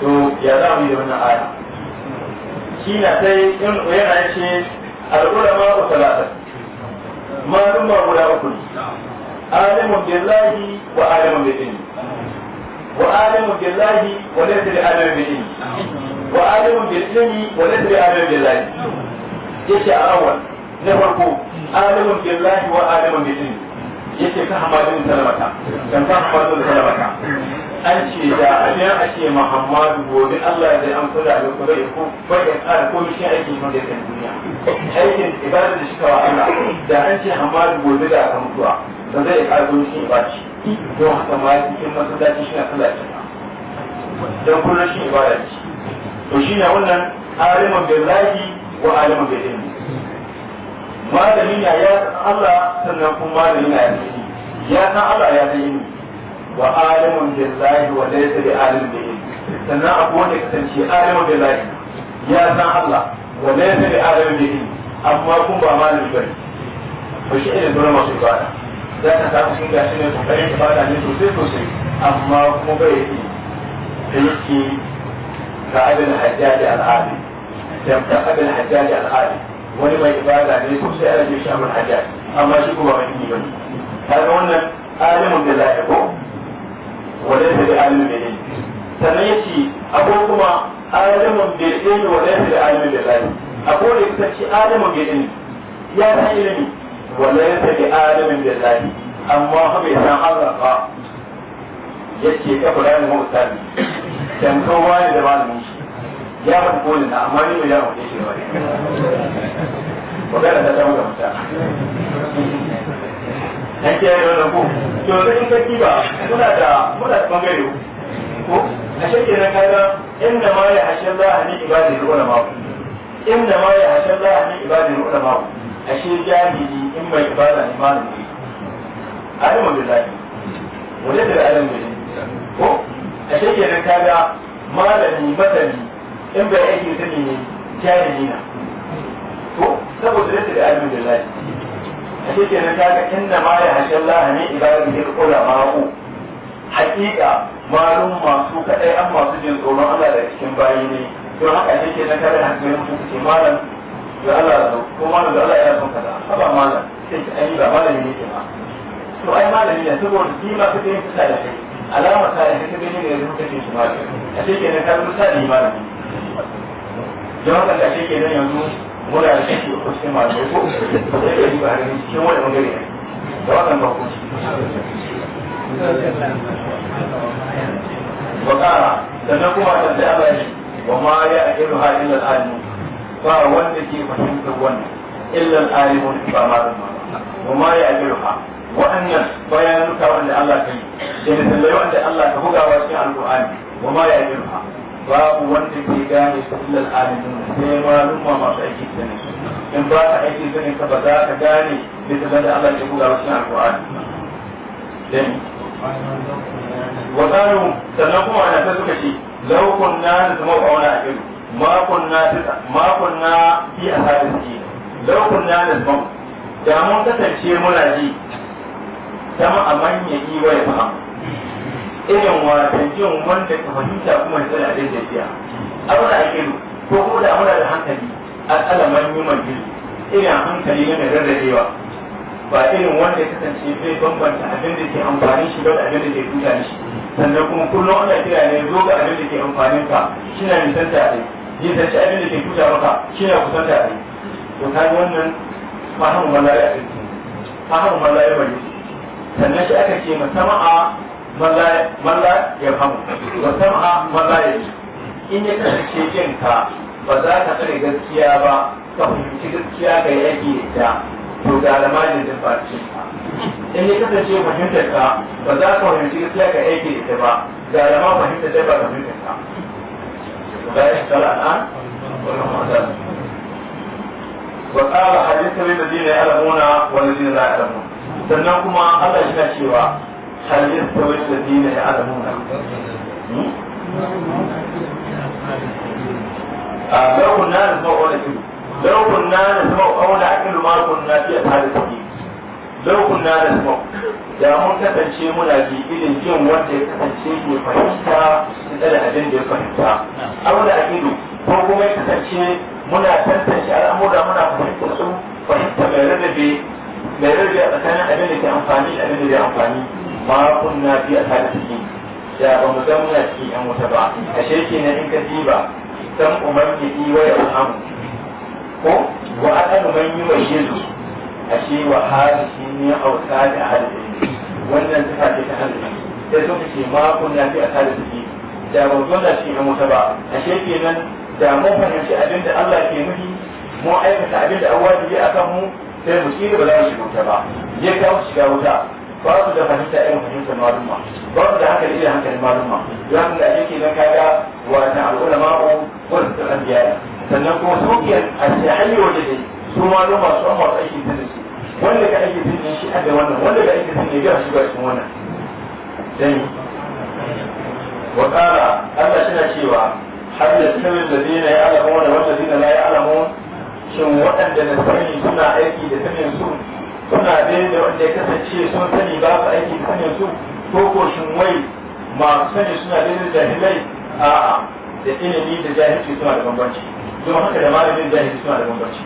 S1: to ya za mu yi wannan aya shi na sai in yana ce al'ulama wa salatan maluma guda uku ne alimun billahi wa alimun bil wa alimun billahi wa laysa alimun alimin wa alimun bil wa laysa alimun alimin ya ce a rawar na farko alimun billahi wa alimun bil yake ka hamadun talabata dan ka talabata an ce da abin a ce muhammadu gobe allah zai an kula da ku bai ku ya tsara ko shi aiki mun da kan duniya aikin ibada da shikawa allah da an ce hamadu gobe da aka mutuwa da zai ƙara ko shi ba shi don haka ma cikin masallaci shi na sallah dan kullun shi ibada ce to shi ne wannan alimin billahi wa alimin bil ilmi malami na ya san Allah sannan kuma malami na ya sani ya san Allah ya sani ni wa alimun billahi wa laysa bi alim bi sannan abu wanda kasance alimun billahi ya san Allah wa laysa bi alim bi amma kun ba malami bane ba shi irin dole masu ibada za ka samu sun gashi ne kokarin ibada ne sosai sosai amma kuma bai yi da yake ga abin hajjaji al'adi da abin hajjaji al'adi wani mai ibada ne so sai ana shi amma hajja amma shi kuma mai yi bane kaga wannan alimun da zai ko wanda da da alimin da yake sannan yace abu kuma alimun da ne wanda da alimin da zai abu da yake ce alimun da yake ya san ilimi wanda yake da alimin da zai amma fa bai san Allah ba yace ka fulani mu tsani dan kowa ne da malamin shi ya faɗi kolin na amma ni bai ya faɗi shi ba ba ga ta mu gamta dan ke yau da ku to da in ka kiba muna da muna da bangare ko a shekke na kaga inda ma ya hashin za a ni ibadin ruwa mako, inda ma ya hashin za a ni ibadin ruwa ma ashe jahili in mai ibada ne ma ne alimu billahi wajen da alimu ne ko a shekke na kaga malami matali in bai aiki da ne jahili na to saboda da da alimin da lai a cikin na ta ga inda ma ya hashe Allah ne ibadu da kula ma'u hakika malum masu kadai an masu jin tsoron Allah da cikin bayi ne don haka ne ke na kare hankalin mutum ce malam da Allah da ko malam da Allah ya son kaza haba malam sai ki ai ba malami ne ke ma to ai malami ne saboda kima kake yin fita da kai alama ta yi kake gani ne da kake shi malam a cikin na kare misali malam. don haka da shi kenan yanzu muna da shi ko cikin masu ko da ya yi ba a cikin cikin wani magana da wannan ba kuci wakara sannan kuma tambayi Allah ne wa ma ya ajiru ha illa alimu ba wanda ke fahimtar wannan illa alimu ba ma wa ma ya ajiru ha waɗannan bayanuka wanda Allah ka yi da misalai wanda Allah ka bugawa cikin alƙur'ani wa ma ya ajiru ha babu wanda ke gane su illal alimin sai malumma masu aiki da ne in ba ka aiki da ne ka ba za ka gane bisa da Allah ya buga wasu alƙur'ani dan wasaru sannan kuma ana ta suka ce law kunna zama qauna aqilu ma kunna ma kunna fi ahadisi law kunna nazmu da mun kasance muna ji sama amanya yi wa ya irin wasan jin wanda ta fahimta kuma da tsala da jiya abu da ake ko kuma da amura da hankali al'alaman human being irin hankali na da rarrabewa ba irin wanda ya kasance zai bambanta abin da ke amfani shi ba da abin da ke tuta shi sannan kuma kullum ana kira ne zo ga abin da ke amfanin ka shi na a tare nisan ci abin da ke kuta maka shi na a tare to ta wannan fahimu malaya ɗin fahimu malaya bane sannan shi aka ce masama'a man la ya famu ba sam'a man ya in ya kasance jin ka ba za ka tsare gaskiya ba ka fahimci gaskiya ga yake da to ga alamarin da farcin ka in ya kasance fahimtar ka ba za ka fahimci gaskiya ga yake da ba ga alama fahimtar da ba fahimtar ka tsara وقال حديث من الذين يعلمون والذين لا يعلمون sannan kuma Allah shi cewa هل يستوي الذين يعلمون لو كنا نسمع أو نعقل لو كنا نسمع أو نعقل ما كنا في أصحاب السبيل لو كنا نسمع da mun kasance muna ji irin jin wanda ya kasance ke fahimta da da abin da ya fahimta abu ko kuma kasance muna tantance al'amura muna fahimta su fahimta mai rarrabe mai rarrabe a tsakanin abin da ke amfani abin da bai amfani ma kunna fi ashabiki da ba mu ga muna cikin yan wuta ba ashe kenan in ka diba san umar ki yi wa yarham ko wa aqalu man yumayyizu ashe wa hadhihi ni da ahli wannan ta ce ta ahli sai sun ce ma kunna fi ashabiki da ba mu ga cikin yan wuta ba ashe kenan da mu fahimci abinda Allah ke nufi mu aikata abin da Allah yi akan mu sai mu shi ba za mu shiga wuta ba je ka shiga wuta ba su da fahimta irin fahimtar malumma ba su da hankali irin hankalin malumma don haka da ake nan kaga wa na al'ulama ko wani sun an biya sannan kuma sokiyar a sai hanyar waje ne su malumma su an masu aiki sun su wanda ka aiki sun shi a da wannan wanda ka aiki sun ne biya shi ba cikin wannan dan wa qala Allah shi na cewa hal ya alamu ya'lamuna wal ladina la alamu shin waɗanda na sani suna aiki da sanin su suna da wanda ya kasance sun sani ba su aiki sanin su ko ko shin wai masu sani suna da yadda jahilai a da ilimi da jahilci suna da bambanci don haka da malamin jahilci suna da bambanci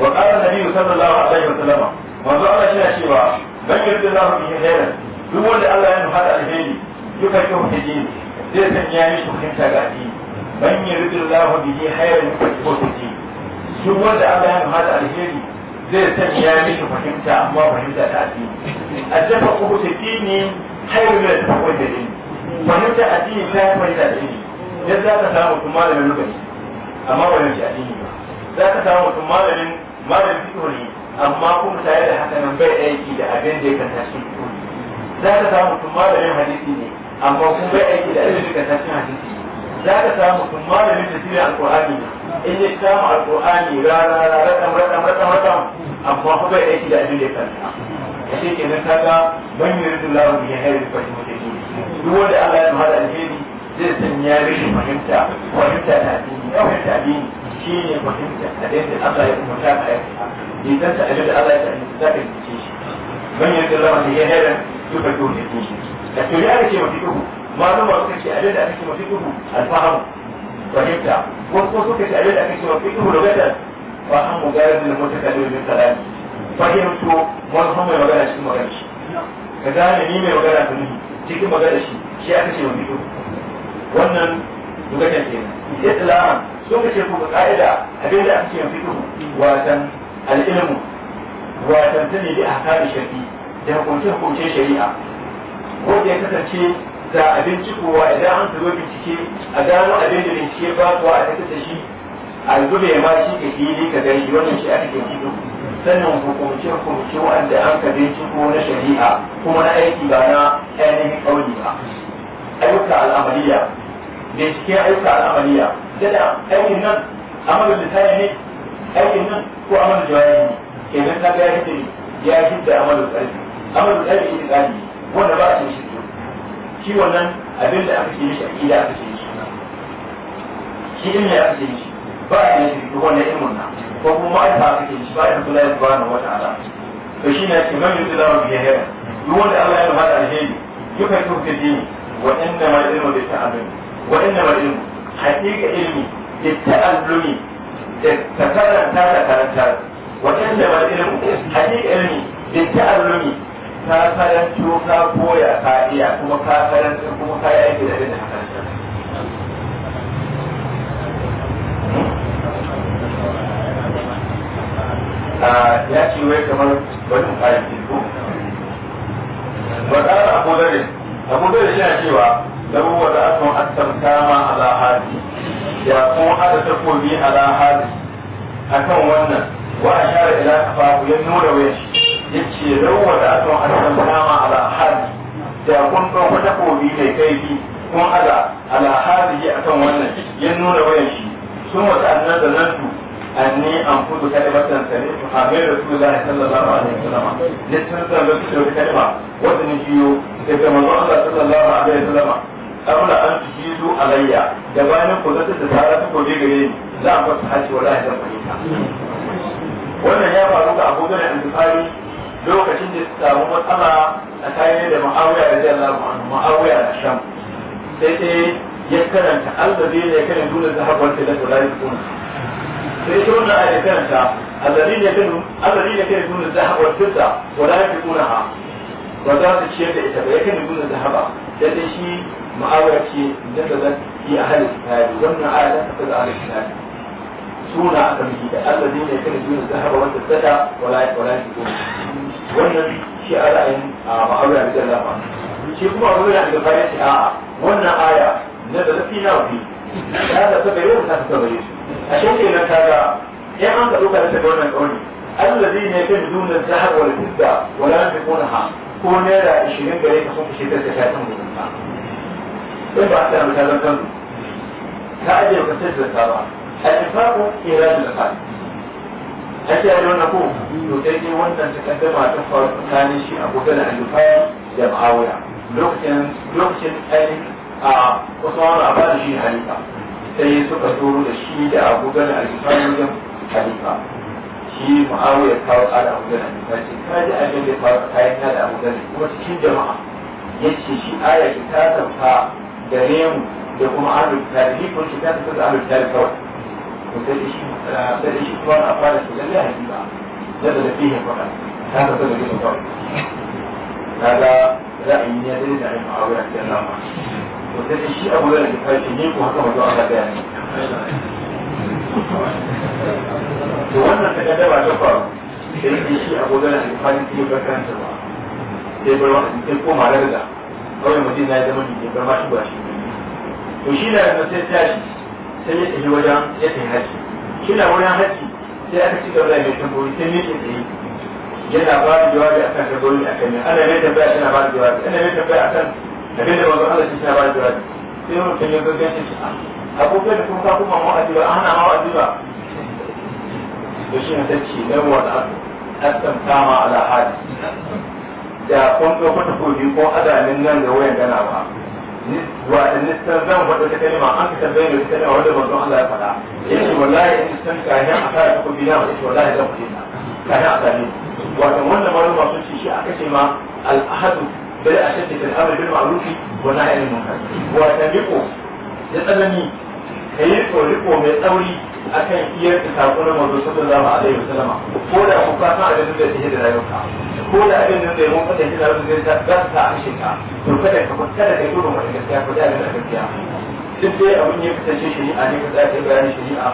S1: wa qala nabiyyu sallallahu alaihi wasallam manzo Allah shi na cewa ban yarda Allah bi khairan duk wanda Allah ya nufa da alheri duka kyau da dini zai sanya mishi fahimta ga addini ban yarda Allah bi khairan ko duk wanda Allah ya nufa da alheri zai ya mishi fahimta amma fahimta ta addini jefa uku ta dini hairu mai ta kawai da dini fahimta addini ta yi fahimta da dini yadda za ka samu mutum malamin lokaci amma ba yanki addini ba za ka samu mutum malamin malamin fito ne amma kuma tare da haka nan bai aiki da abin da ya kanta shi fito za ka samu mutum malamin hadisi ne amma kuma bai aiki da abin da ya kanta shi hadisi ne za ka samu kun malamin da shine alqur'ani in ya samu alqur'ani ra ra ra rakam rakam rakam rakam amma fa bai aiki da abin da kan shi kenan kaga man yuridullahu bihi khairan fa yuhdihi duk wanda Allah ya mahada alheri zai sanya rashin fahimta fahimta ta addini ya fahimta addini shi ne fahimta a da Allah ya umarta ka aikata ne dan ta abin da Allah ya sani za ka yi shi
S2: man yuridullahu bihi
S1: khairan yuhdihi da to ya ce mafi duhu malama suka ce abin da ake cewa fiqhu alfahamu fahimta wasu kuma suka ce abin da ake cewa fiqhu lugatan fahamu garin da mutakallim bin kalami fahimto wani kuma mai magana cikin magana shi ka gane ni mai magana ta nuhi cikin magana shi shi aka ce wa fiqhu wannan lugatan kenan idan sun ce ku ga ka'ida abin da ake cewa fiqhu watan al-ilmu watan tani da ahkam shafi da hukunce hukunce shari'a ko da ya kasance da abin cikowa idan an zo bincike a gano abin da bincike ba kuwa a tafi da shi a zube ma shi ke fili ka gani wannan shi aka ke fito sannan hukumce hukumce wanda an ka binciko na shari'a kuma na aiki ba na ainihin kauli ba ayyuka al'amaliya binciken ayyuka al'amaliya da aikin nan amalin lisani ne aikin nan ko amalin jawabi ne kenan ka ga ya hidda ya hidda amalin ƙarfi amalin ita ne wanda ba a cin shi shi wannan abin da aka ce mishi aqida aka ce mishi shi ilmi aka ce mishi ba ya ne duk wannan ilmin na ko kuma ma'aifa aka ce mishi ba ya kula ya ba na wata ala to shi ne kuma min da zama biya hera duk wanda Allah ya bada alheri yukan tuka dini wa inna ma ilmu bi ta'allum wa inna ma ilmu haqiqa ilmi bi ta'allumi da da karanta wa inna ma ilmu haqiqa ilmi bi ta'allumi ka karanto ka koya ka iya kuma ka karanta kuma ka yi aiki da abin da ah, ya ce wai kamar wani ƙarin teku wadana abu dare abu shi yana cewa lau da akan asan kama ala ya kuma hada takobi ala hadi akan wannan wa a share ila kafa ya nuna wayan shi yace lawa da to hasan sama ala hadi da kun wata kobi mai kaifi kun ala ala hadi akan wannan ya nuna wayan shi sun wata annan da nan su anni an kudu sare su sallallahu alaihi wasallam ne sun san da su da jiyo daga manzon Allah sallallahu alaihi wasallam kamar an alayya da bayan ku zata da tsara gare ni za a fasa haji wallahi zan fahimta wannan ya faru ga Abu Dawud lokacin da ta samu matsala a kayan da ma'awiya da zai Allah ma'awiya da sham sai sai ya karanta Allah zai ne kan dole da haɓar ta da dolari kun sai shi wannan ayat karanta Allah ne kan Allah ne kan dole da haɓar ta da dolari kun ha ba za ta ciyar da ita ba ya kan dole da haɓa sai sai shi ma'awiya ce da da ya yi ahalin kitabi wannan ayat ta da ahalin kitabi suna aka miki da Allah zai ne kana duniya ta haɓa wanda tsada wala wala ki ko wannan shi a ra'ayin ma'awiya da Allah ba shi kuma ma'awiya da bayan shi a'a wannan aya na da nafi na wani ya da ta bayyana ta ta bayyana a shi ke nan kaga in an ka duka da wannan kauli Allah zai ne kana duniya ta haɓa wala tsada wala ki ko na ha ko naira 20 gare ka sun kashe ta ta ta mun ba sai ba ta zan kan ka ajiye ka sai da ta ba al-infaqu irad al-qalb ake yana wannan ko to sai wannan ta kaddama ta faru tsakanin shi Abu Dala al da Muawiya lokacin ainihin a Usman Affan shi halifa sai suka turo da shi da Abu Dala al-Rufai shi Muawiya kawo ala Abu Dala al ce kaji abin da faru tsakanin da kuma cikin jama'a shi ta da kuma ta sai shi tuwa a fara da ta abu da ke fashi ne ko haka mazo aka gaya to wannan ta kada ba ta faru sai shi abu da ke fashi ne ba kanta ba sai bar wani sai koma daga kawai mutum na ya zama ne bar ma shi ba shi to shi na yanzu sai tashi sai ya tafi wajen ya tafi hajji shi na wurin hajji sai aka ci gaba da mai tambayoyi sai ne tsaye yana ba da jawabi akan tambayoyi akan ne ana mai tambaya tana ba da jawabi ana mai tambaya akan abin da manzo Allah shi ba da jawabi sai mutum ya gaggace shi ah, a abubuwan da kuma ka kuma ma'azi ba ana ma'azi ba to shi ta ce kama ala hadi da kun ɗauka takobi ko adamin nan da wayan ganawa wa nisan wata kalma an ka tambaye ne kalma wanda manzon Allah ya faɗa yace wallahi in san ka ne aka ta ku bina wa wallahi da ku bina kada aka ne wato wannan ma ruwa sun shi aka ce ma al ahad bil ashad fil amr bil ma'ruf wa na'il munkar wa tabiqu ya tsalani ka yi riko mai tsauri akan iyar da sakonin manzo sallallahu alaihi wasallama ko da ku ka san abin da yake da rayuwarka ko da abin da yake mun fata shi da zai ta za gasa a shi ka to kada ka kada ka duro mu gaskiya ko da abin da gaskiya duk dai abin ya kasance a ne ka tsaya bayanin a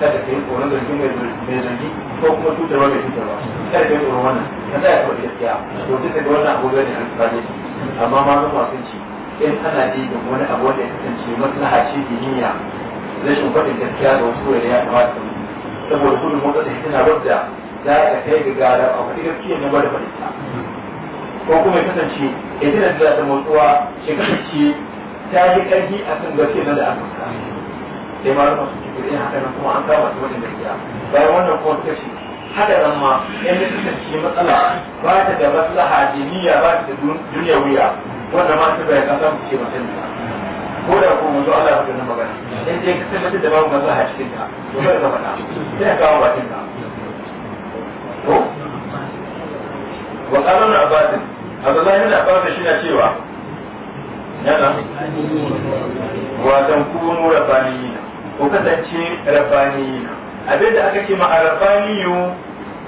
S1: kada ka yi tsoron zargi mai zargi ko kuma tutarwa mai tutarwa kada ka yi tsoron wannan ka tsaya ka wani gaskiya to duka da wannan abubuwa ne an tsare amma ma zama sun ci in ana dibin wani abu wanda ya kasance maslaha ce diniya rashin faɗin gaskiya da wasu da ya kamata su yi saboda gudun motsa da tana wadda za ka kai ga gara a faɗi gaskiya nan ba da faɗin ko kuma ya kasance idan da motsuwa shi kasance ta yi ƙarfi a kan gaskiya nan da aka fuska sai ma rufa su cikin yin kuma an kama su wajen gaskiya wannan kuma ta ce ma yan matsala ba ta da maslaha jiniya ba ta da duniya wuya wannan ma ta bayan ce ko da ko mun Allah ya kuma magana in dai ka tabbatar da babu masu cikin ta to kai ka faɗa sai ka kawo bakin ka Ko. wa qala na abad Abdullahi ibn Abbas shi na cewa yana wa dan kunu rabbaniyina ko kasance rabbaniyina da aka ce ma rabbaniyu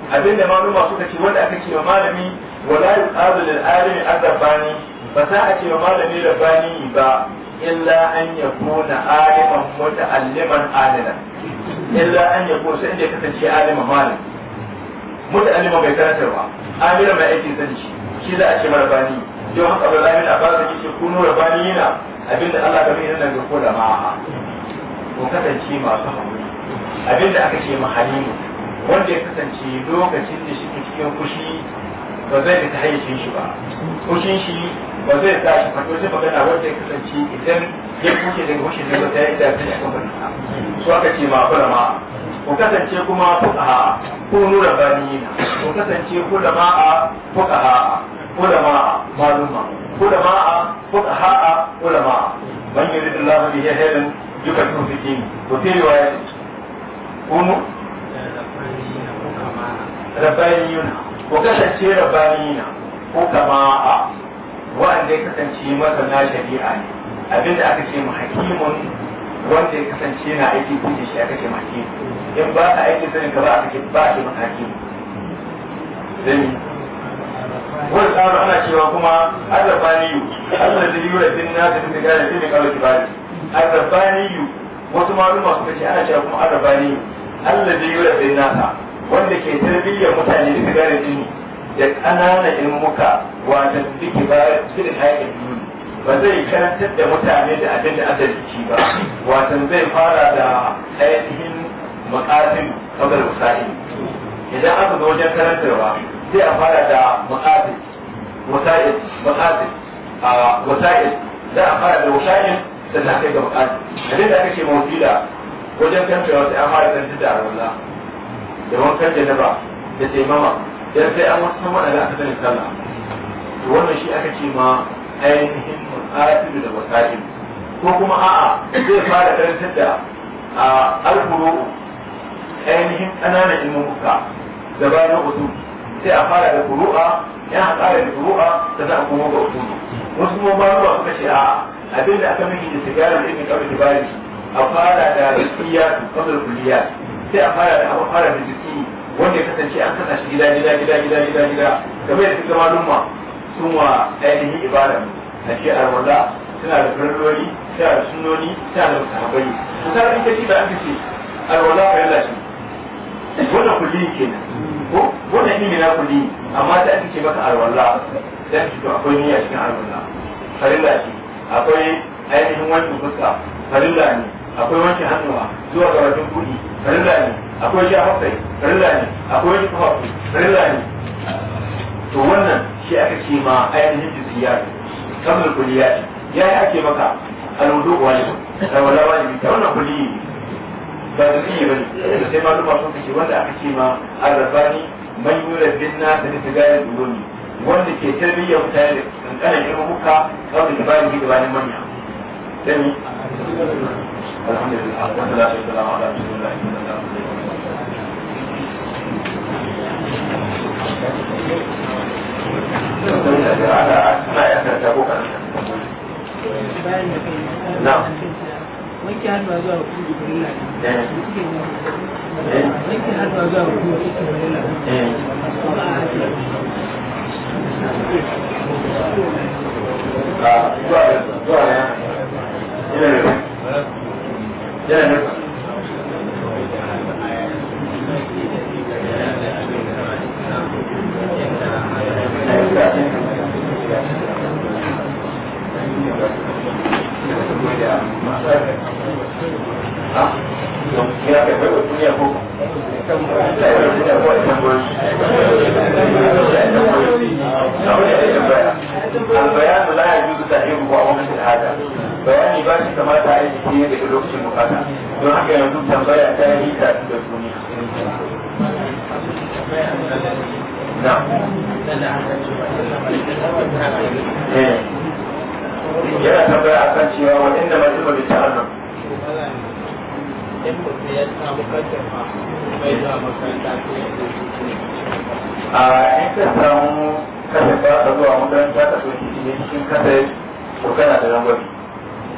S1: abinda maluma suka ce wanda aka ce ma malami wala yuqabilu al-alimi ar-rabbani ba sa a ce ma malami rabbani ba illa an yakuna aliman muta'alliman alilan illa an yakuna sai da kasance aliman malam muta'allima bai karantarwa amira mai aiki sani shi shi za ce mara bani don haka ba zamin a basa yake kuno rabani yana abinda Allah ka bayyana ga ko da kasance masu abinda aka ce wanda ya kasance lokacin da shi cikin kushi ba zai ta hayyacin shi ba kushin shi ba zai sa shi fato sai magana wanda ya kasance idan ya kushe daga kushe daga ta yi tafi ya kan fadisa su aka ce ma ulama ku kasance kuma ku fuqaha ko nura baniyina ku kasance ulama fuqaha ku maluma ulama fuqaha ulama man yuridullahu bihi khairan yukaththiru fi dini to sai riwaya kunu rabbaniyuna ku kasance rabbaniyina ko kama wanda kasance masana shari'a ne abinda aka ce mu hakimun wanda ya kasance yana aiki da shi aka ce mu hakim in ba a aiki sanin ka ba aka ce ba a ce maka hakim zai wani tsaro ana cewa kuma azabaniyu allah da yura bin na da bin da bin da kawai kibari yu wasu maluma masu ce ana cewa kuma azabaniyu allah da yura bin nasa wanda ke tarbiyyar mutane da gane jini da ƙananan ilmuka wata suke ba cikin haƙin nuni ba zai karantar da mutane da abin da aka jiki ba watan zai fara da ainihin makasin kamar wasa'in idan aka zo wajen karantarwa sai a fara da makasin wasa'in makasin a wasa'in za a fara da wasa'in da ta kai ga makasin abin da aka ce mawasila wajen karantarwa sai an fara da karantar da arwala da wankan janaba da taimama dan sai an wasu mana da aka sani sallah to wannan shi aka ce ma ainihin mu'asiru da wasa'il ko kuma a'a zai fara karantar da alfuru ainihin ƙananan ilmumuka da bayan usul sai a fara da furu'a ya ƙara da furu'a da za a kuma ga usulu wasu kuma ba suka ce a abin da aka miki istigarar ilmin kawai kibari a fara da rikiyatu kamar kulliya sai a fara da abu fara da jiki wanda ya kasance an kasa shi gida gida gida gida gida gida game da suka malumma sun wa ainihin ibada ne a ce alwala suna da farloli suna da sunoni suna da sahabai to kaga in ka ci da aka ce alwala fa yalla shi wannan kulli kenan ko wannan ilimi na kulli amma da aka ce maka alwala dan to akwai niyya cikin alwala farilla ce akwai ainihin wancan fuska farilla ne akwai wancan hannuwa zuwa ga wajen kuɗi farilla ne akwai shi a hatsari farilla ne akwai shi a farilla ne to wannan shi aka ce ma ainihin jiziyar kamar kuliyar ya yi ake maka alwudu wani rawala wani ta wannan kuliyi ba da zai bane da sai ma lupa sun kace wanda aka ce ma arrabani man yura binna da tigayen duloni wanda ke tarbiyyar mutane da kankanan irin hukka kawai da bayan gidi bayan manya sani alhamdulillah wasalatu wassalamu ala rasulillah na'am wanke hannuwa zuwa hukun jibrila wanke hannuwa zuwa hukun jibrila kuma a zuwa yana nufa البيان لا يجوز تأهيله أو هذا bayani ba shi kamata a yi ne daga lokacin bukata don haka yanzu tambaya ta ta Eh. yana tambaya a kan cewa wa inda zuba zuwa makaranta a in ka samu kasa ba ka zuwa makaranta ka soki ne cikin kasa to kana da rangwami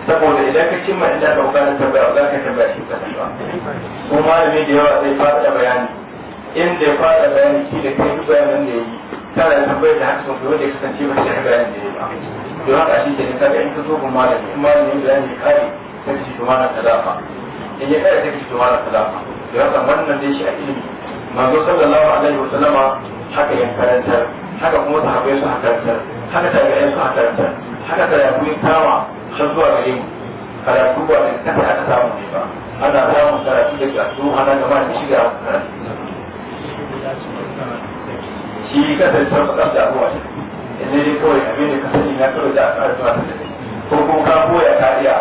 S1: saboda idan ka cimma inda ka tambaya ba za ka tambaya shi kasa ba ko da yawa zai fara bayani inda ya fara bayan shi da kai duk bayanan da ya yi kana da tambayar da haka sun fi wanda ya kasance ba shi da bayan da ya yi ba don haka shi ke nisa da in ka zo kun malami kuma ne ya bayani ya kare sai ka ci na ta in ya kare sai ka ci na ta dafa don haka wannan dai shi a ilimi manzo sallallahu alaihi wa sallama haka ya karanta haka kuma haɓe su karantar haka yi su haka ta haka ta ya kama har zuwa gare mu karatu ba da kasa aka samu ne ba ana samun karatu da karatu ana gama da shiga karatu shi kasance matsar da abuwa shi inda ne kawai abin da ka sani na kawai da aka rasuwa ta ko ko ka koya ka iya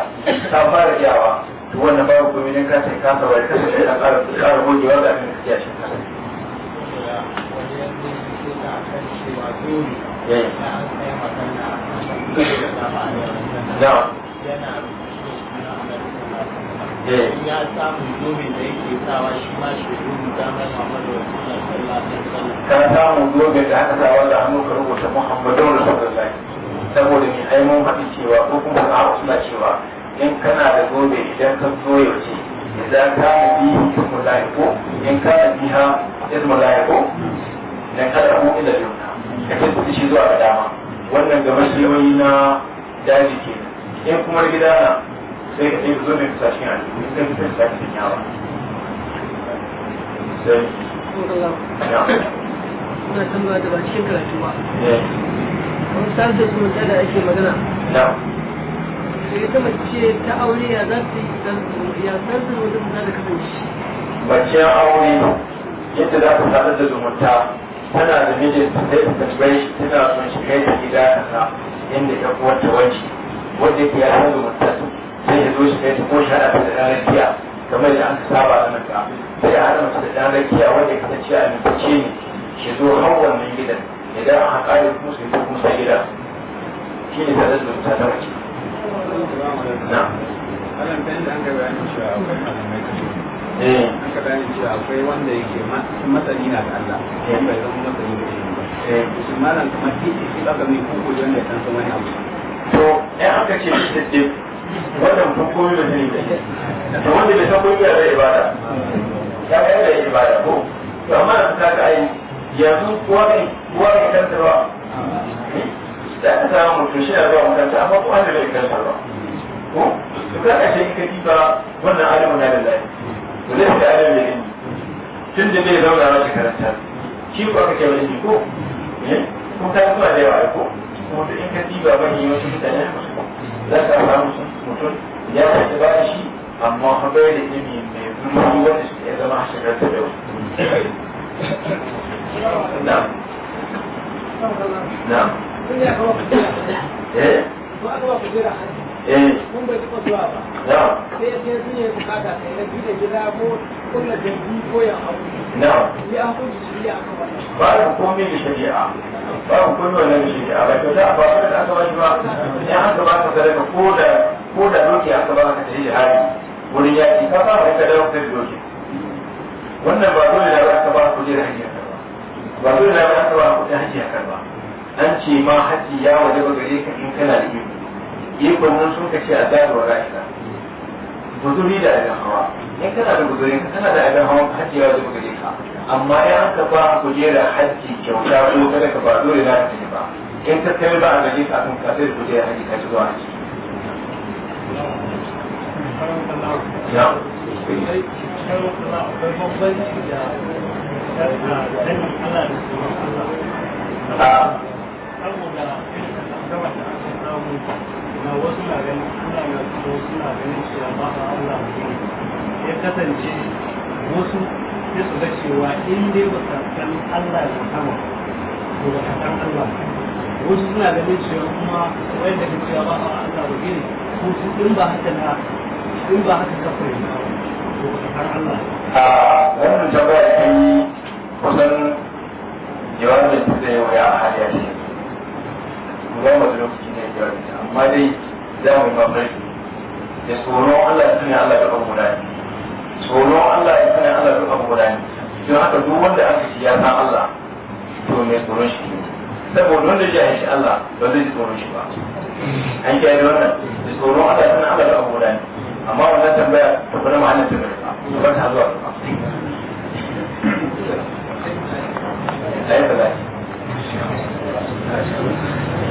S1: ka fara iyawa to wannan babu komai ne ka ce ka saurari ka sai da ƙara ƙara gogewa da abin da kake shi ka sani Eh. ya samu zobe da yake sawa shi ma shi zobe damar Muhammadu Rasulullah sallallahu alaihi wasallam ka samu gobe da aka sawa da hannu ka rubuta Muhammadu Rasulullah saboda mai ai mun cewa ko kuma ka suna cewa in kana da gobe idan ka zo ya ce idan ka bi ismu laiko in ka biha ismu laiko idan ka da mu ila juna ka kai shi zuwa ga dama wannan ga mashi na daji ke in kuma gida na sai ka ɗaya zo da bisa shi a cikin sai ka bisa shi yawa sai na tambaya da ba cikin karatu ba wani sassan zumunta da ake magana sai ta mace ta aure ya za ta yi ya san zumunta za ta kasance mace aure yadda za ta sadar da zumunta tana da mijin sai ta tambaye shi tana son shi kai ta gida kaza inda ta kuwanta wanci wanda ke ya san zumunta sai ya zo shi kai ta koshi hada ta da ɗan rakiya kamar da an saba a nan ka sai ya hada mace da ɗan rakiya wanda ya kasance a mintacce ne shi zo har wannan gidan idan an haƙa da kuma sai kuma sai gida shi ne tare da ta ta wace. na. Alam bayan da an ga bayanin cewa akwai malamai kashe ne. Eh. An ka bayanin cewa akwai wanda yake masani na da Allah eh. wanda ya zama masani da shi ba. Eh. Shi malam kamar titi shi ba ka mai kuku wanda ya san wani abu. To, ɗan aka ce shi da wannan kun koyi da jini da wanda bai san kunya da ibada ya ga yadda ibada ko to amma da ta ga ai yanzu kuwa ne kuwa ne kan ba. da eh? ta samu mutum shi na zuwa makaranta amma kuwa ne bai kan ba. ko to ka ka shi ka tiba wannan alimu na lillahi to zai ga alimu ne tun da bai zauna na shi karanta shi ko aka ce wani ko ko ta zuwa da yawa ko kuma in ka tiba bane wasu mutane za ka samu sun mutum ya tafi ba shi amma haɓar da ilimi mai zurfi wanda shi ya zama shigar da yau na na eh eh mun bai zuwa ba نعم نعم bayan da shari'a bayan komai wannan da shari'a ba kyauta a babu da aka bashi ba in an ka baka sadaka ko da da doki aka ba ka tafi jihadi wurin yaki ka fara ka dawo ka doki wannan ba dole da aka ba kuɗi da hajji ba ba dole da aka ba ba an ce ma hajji ya waje ba gare ka in kana da iko iko sun ka ce a zahar wa guzuri da abin hawa in kana da guzuri kana da abin hawa hajji ya zuba gare ka amma ya an ka ba kujera hajji kyauta ko kada ka ba dole na ka ba in ka kai ba a gaji ka kan kasar kujera hajji ka ci zuwa hajji. Ya. A. na wasu na ganin suna na wasu na ganin cewa ba a Allah mutum ya kasance wasu su ga cewa in dai ba ka san Allah sama to ba ka san Allah wasu suna ganin cewa kuma wayar da cewa ba a Allah mutum ko su in ba haka na in ba haka ka fahimta to ba ka san Allah a wannan yi jawabin da ya wuya a hali a cikin ba mu da lokaci ne ya ta amma dai za mu mafi da tsoron Allah ya sani Allah ya ɗan guda ne tsoron Allah ya sani Allah ya ɗan da ne don haka duk wanda aka ci ya san Allah to mai tsoron shi ne saboda wanda ya shi Allah ba zai ji tsoron shi ba an kiyaye da wannan da tsoron Allah ya sani Allah ya ɗan da ne amma wannan tambaya ta fara ma'anar ta bai ba ta zuwa ba Thank you.